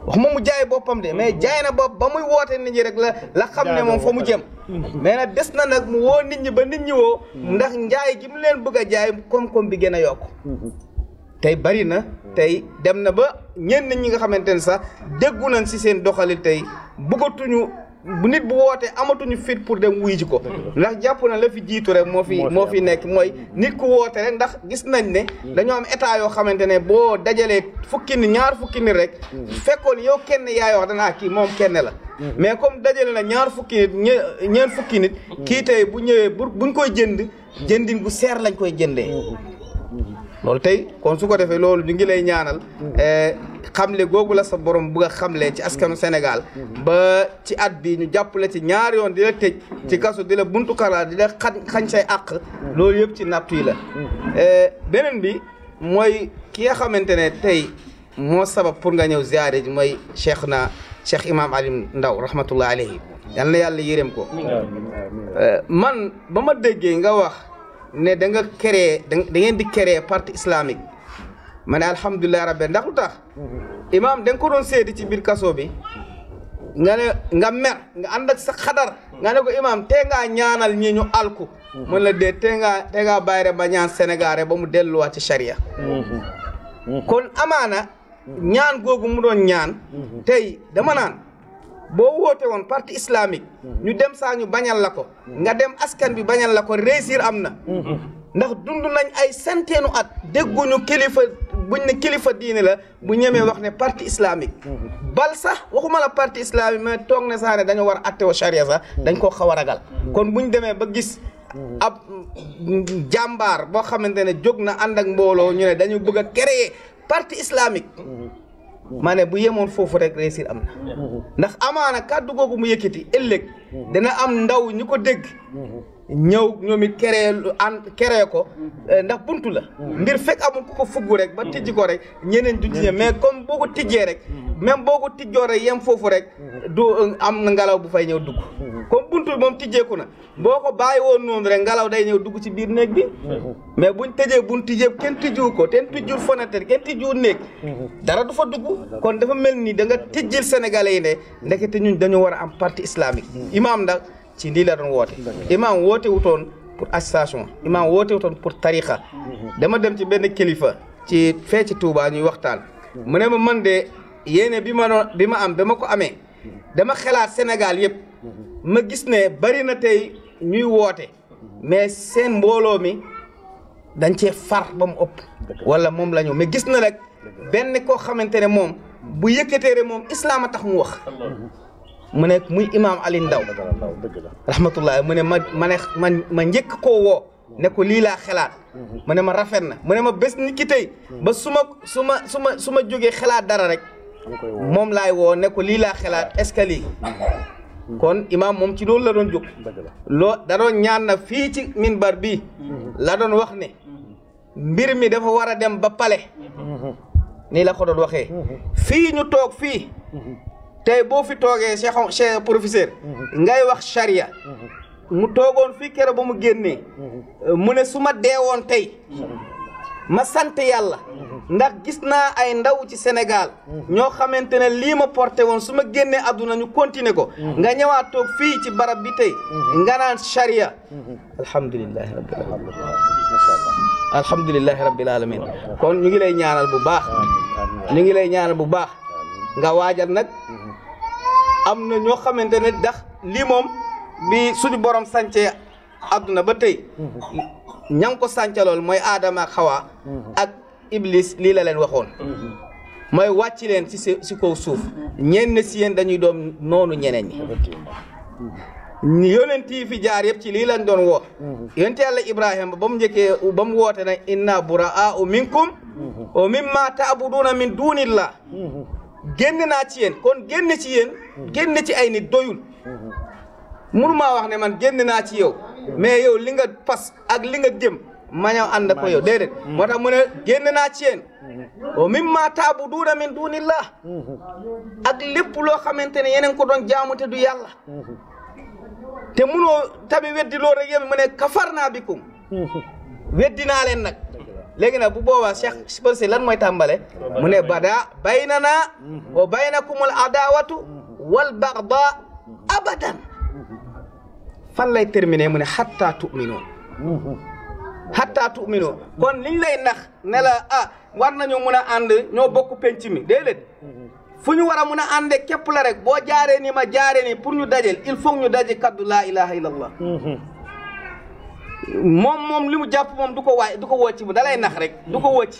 Speaker 8: waxuma mu jaay boppam de mais jaay na bopp ba muy woote nit ñi rek la la xam ne moom fa mu jëm mais nag des na nag mu woo nit ñi ba nit ñi woo ndax njaay gi mu leen bëgg a jaay koom-koom bi gën a yokk tey bari na tey dem na ba ñenn ñi nga xamante ne sax déggu nañ si seen doxali tey bëggatuñu bu nit bu wootee amatuñu fit pour dem wuy ko ndax jàpp na la fi jiitu rek moo fi moo fi nekk mooy nit ku woote rek ndax gis nañ ne hmm. dañoo am état yoo xamante ne boo dajalee fukki ni ñaar fukki ni rek hmm. fekkoon yow kenn yaay wax danaa kii moom kenn la hmm. mais comme dajale na ñaar fukki nit ñeent fukki nit kii tey bu ñëwee bu buñ koy jënd jëndin bu seer lañ koy jëndee loolu tey kon su ko defee loolu ñu ngi lay ñaanal eh, xamle googu la sa borom bëgg a xamlee ci askanu Sénégal ba ci at bi ñu jàppale ci ñaari yoon di la tëj ci kaso di la buntu kara di la xañ xañ say àq loolu yëpp ci nattu yi la eh, beneen bi mooy ki nga xamante ne tey moo sabab pour nga ñëw ziare ji mooy cheikh na cheikh imam alim ndaw rahmatullah alayhi yal na yàlla yërëm ko eh, man ba ma déggee nga wax ne da nga créé da ngeen di créé parti islamique ma ne alhamdulilah rabbi ndax lu tax mm-hmm. imaam da nga ko doon seedi ci biir kaso bi nga ne nga mer nga ànd sa xadar nga ne ko imaam tee nga ñaanal ñi ñu alku mën mm-hmm. la dee tee ngaa tee ba ñaan Sénégal rek ba mu delluwaat ci charia mm-hmm. kon amaana ñaan googu mu doon ñaan tey dama naan boo wootee woon parti islamique. Mm-hmm. ñu dem saa ñu bañal la ko. Mm-hmm. nga dem askan bi bañal la ko réussir am na. Mm-hmm. ndax dund nañ ay santeenu at dégguñu kilifa buñ ne kilifa diine la bu ñemee wax ne parti islamique. bal sax waxuma la parti islamique mais toog ne saa ne dañoo war a atte wa sax dañ koo xaw a ragal. kon buñ demee ba gis. ab jàmbaar boo xamante ne jóg na ànd ak mbooloo ñu ne dañu bëgg a créer parti islamique. maa ne bu yemoon foofu rek réussir am na mm-hmm. ndax amaana kàddu googu mu yëkkati ëllëg mm-hmm. dina am ndaw ñu ko dégg mm-hmm. ñëw ñoom it créé an créé ko euh, ndax buntu la ngir fekk amul ku ko fugg rek ba tijji ko rek ñeneen du ñëw mais comme boo ko tijjee rek même boo ko tijjoo rek yem foofu rek du euh, am na ngelaw bu fay ñëw dugg comme buntu bi moom tijjeeku na boo ko bàyyi woon noonu rek ngelaw day ñëw dugg ci biir néeg bi mais buñ tëjee buntu yëpp kenn tijjiwu ko kenn tijjiwul fenêtre kenn tijjiwul néeg dara du fa dugg kon dafa mel ni da nga tijjil sénégalais yi ne ndekete ñu dañu war a am parti islamique imaam nag ci lii la doon woote imaam woote wutoon pour association imaam woote wutoon pour tarixa dama dem ci benn kilifa ci fee ci Touba ñuy waxtaan mu ne ma man de yéene bi ma doon bi ma am dama ko amee dama xelaat senegal yëpp ma gis ne bari na tey ñuy woote mais seen mbooloo mi dañ cee far ba mu ëpp wala moom la ñu mais gis na rek benn koo xamante ne moom bu yëkkatee rek moom islaam a tax mu wax mu ne muy imaam Alioune Ndao rahmatullahi mu ne ma ma ne ma njëkk ko woo ne ko lii laa xalaat mhm. ne ma rafet na mu ne ma bés ni ki tey mhm. ba su ma su ma su ma su ma jógee xalaat dara rek moom laay woo ne ko lii laa xalaat est-ce que lii mhm. kon imaam moom ci loolu la doon jóg loo da doon ñaan na fii ci minbar bii la doon wax ne mbir mi dafa war a dem ba pale nii la ko doon waxee fii ñu toog fii tey boo fi toogee cheikh cheikh professeur ngay wax charia mu toogoon fii kere ba mu génnee mu ne su ma deewoon tey ma sant yàlla ndax gis naa ay ndaw ci senegal ñoo xamante ne lii ma porté woon su ma génnee àdduna ñu continuer ko nga ñawaat toog fii ci barab bi tey nga naan charia alhamdulilahi rabbil alamin alhamdulilahi ñu ngi lay ñaanal bu baax ñu ngi lay ñaanal bu baax nga waajal nag am na ñoo xamante ne dax lii moom bi suñu borom sàncee àdduna ba tey ña ko sànce mooy aadama ak xawa ak iblis lii la leen waxoon mooy wàcc leen si kaw suuf ñenn si yéen dañuy doon noonu ñeneen ñi yonent yi fi jaar yëpp ci lii lañ doon woo yonent yàlla ibrahima ba mu njëkkee ba mu woote na inna buraa'u minkum wa mimma ta'buduna min dunillah génn naa ci yéen kon génn ci yéen génn ci ay nit doyul mënumaa wax ne man génn naa ci yow mais yow li nga fas ak li nga jëm ma ñëw ànd ko yow déedéet moo tax mu ne génn naa ci yéen wa mimma taabuduuna min duunillah ak lépp loo xamante ne yeneen ko doon jaamute du yàlla te munoo tabi weddi loo rek yem mu ne kafar naa bikum weddi naa leen nag léegi nag bu boobaa Cheikh si lan mooy tàmbale mu ne bada baynana wa baynakumul adawatu wal barda abadan fan lay terminé mu ne xatta tuminoo xatta tuminoo kon liñ lay nax ne la ah war nañu mun a ànd ñoo bokk penc mi déedéet fu ñu war a mun a àndee képp la rek boo jaaree ni ma jaaree ni pour ñu daje il faut ñu daje kaddu laa ilaha illallah moom moom li mu jàpp moom du ko waay du ko wocc bu da lay nax rek du ko wocc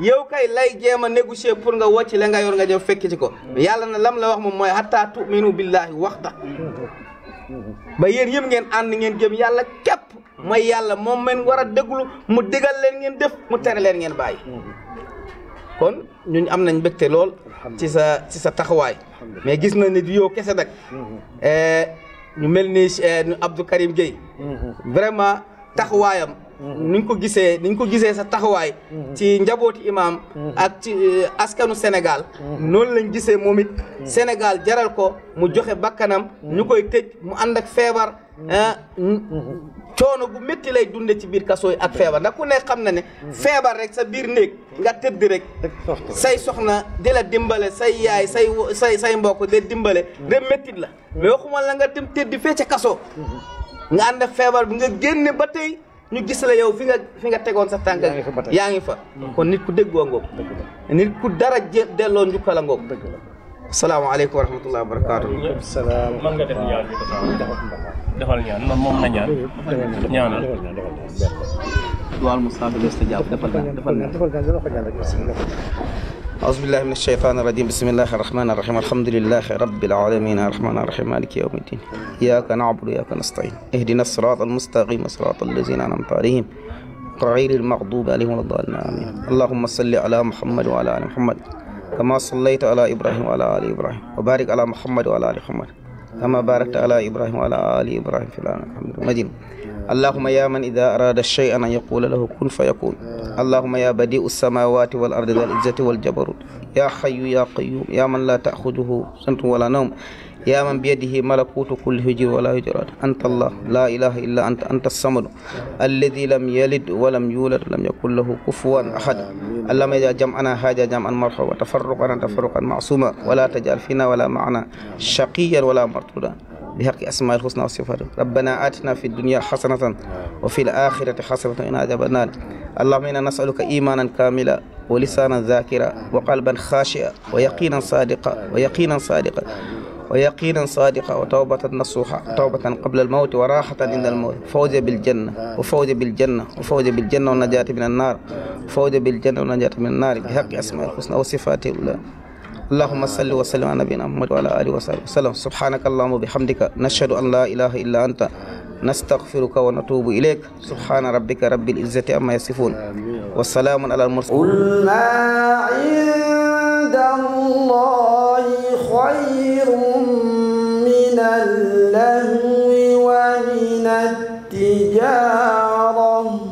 Speaker 8: yow kay lay jéem a négocier pour nga wocc la nga yor nga jël fekk ci ko yàlla na lam la wax moom mooy hatta tu'minu billahi waxda ba yéen yëpp ngeen ànd ngeen gëm yàlla képp mooy yàlla moom men war a déglu mu digal leen ngeen def mu tere leen ngeen bàyyi kon ñun am nañ mbégte lool ci sa ci sa taxawaay mais gis na ne du yow kese nag mm-hmm. eh, ñu mel ni eh, Abdou Karim Gueye mm-hmm. taxawaayam mm-hmm. niñ ko gisee niñ ko gisee sa taxawaay mm-hmm. ci njabooti imaam mm-hmm. ak ci eh, askanu senegal noonu lañ gisee moom it Sénégal jaral ko mu joxe bakkanam ñu koy tëj mu ànd feebar eh, coono gu metti lay dunde ci biir kaso yi ak feebar ndax ku ne xam na ne feebar rek sa biir néeg nga tëdd rek say soxna di la dimbale say yaay say say say mbokk de dimbale de méttit la mais waxuma la nga dem tëdd fee ca kaso nga ànd ak feebar bi nga génne ba tey ñu gis la yow fi nga fi nga tegoon sa tànk yaa ngi fa kon nit ku déggoo ngoog nit ku dara jë delloo njukkal a ngoog salaamaaleykum wa rahmatullah wa barakaatu ñaan bi
Speaker 3: defal ñaan man moom na ñaan ñaanal wal mustaqbil istajab defal ñaan defal ñaan
Speaker 8: aus billahi min alsheytan irajim bismillahi arrahmani irrahim alhamdulilahi rabbil alamin arrahmani irrahim maliki yawmi ddin iyyaka na'budu wa iyyaka nasta'in ihdina sirata almustaqima sirata allazina an'amta alayhim غير المغضوب عليهم ولا الضالين آمين اللهم صل على محمد وعلى آل محمد كما صليت على إبراهيم وعلى آل إبراهيم وبارك على محمد وعلى آل محمد كما باركت على إبراهيم وعلى آل إبراهيم في العالمين الحمد لله allahuma ya man ida arada cheyan an yaqula lahu kun fa yakun allahuma ya badiu lsamawati wal ardi dal izzati wal jabarut ya xayu ya qayum ya man la taaxuduhu santum wala nawm ya man biyadihi malakutu kulli hujur wala hujurat anta allah la ilaha illa anta anta samadu alladi lam yalid walam yulad walam yakun lahu kufuwan ahad allahuma ya jam'ana haja jam'an marhuba tafarruqana tafarruqan masuma wala tajal fina wala maana shaqiyan wala martuda بحق أسماء الحسنى وصفاته ربنا آتنا في الدنيا حسنة وفي الآخرة حسنة وقنا عذاب النار اللهم إنا نسألك إيمانا كاملا ولسانا ذاكرا وقلبا خاشئا ويقينا صادقا ويقينا صادقا ويقينا صادقا وتوبة نصوحة توبة قبل الموت وراحة عند الموت فوز بالجنة وفوز بالجنة وفوز بالجنة والنجاة من النار فوز بالجنة والنجاة من النار بحق أسماء الحسنى وصفاته الله allahuma salli wa sallim ala nabina muhammad wa ala alihi wa sahbihi wa sallam subhanaka allahuma bihamdika nashhadu an la ilaha illa anta nastaghfiruka wa natubu ilayk subhana rabbika rabbil izzati amma yasifun wa salamun ala al mursalin qul ma
Speaker 2: inda allahi khayrun min al-lahwi wa min at-tijarah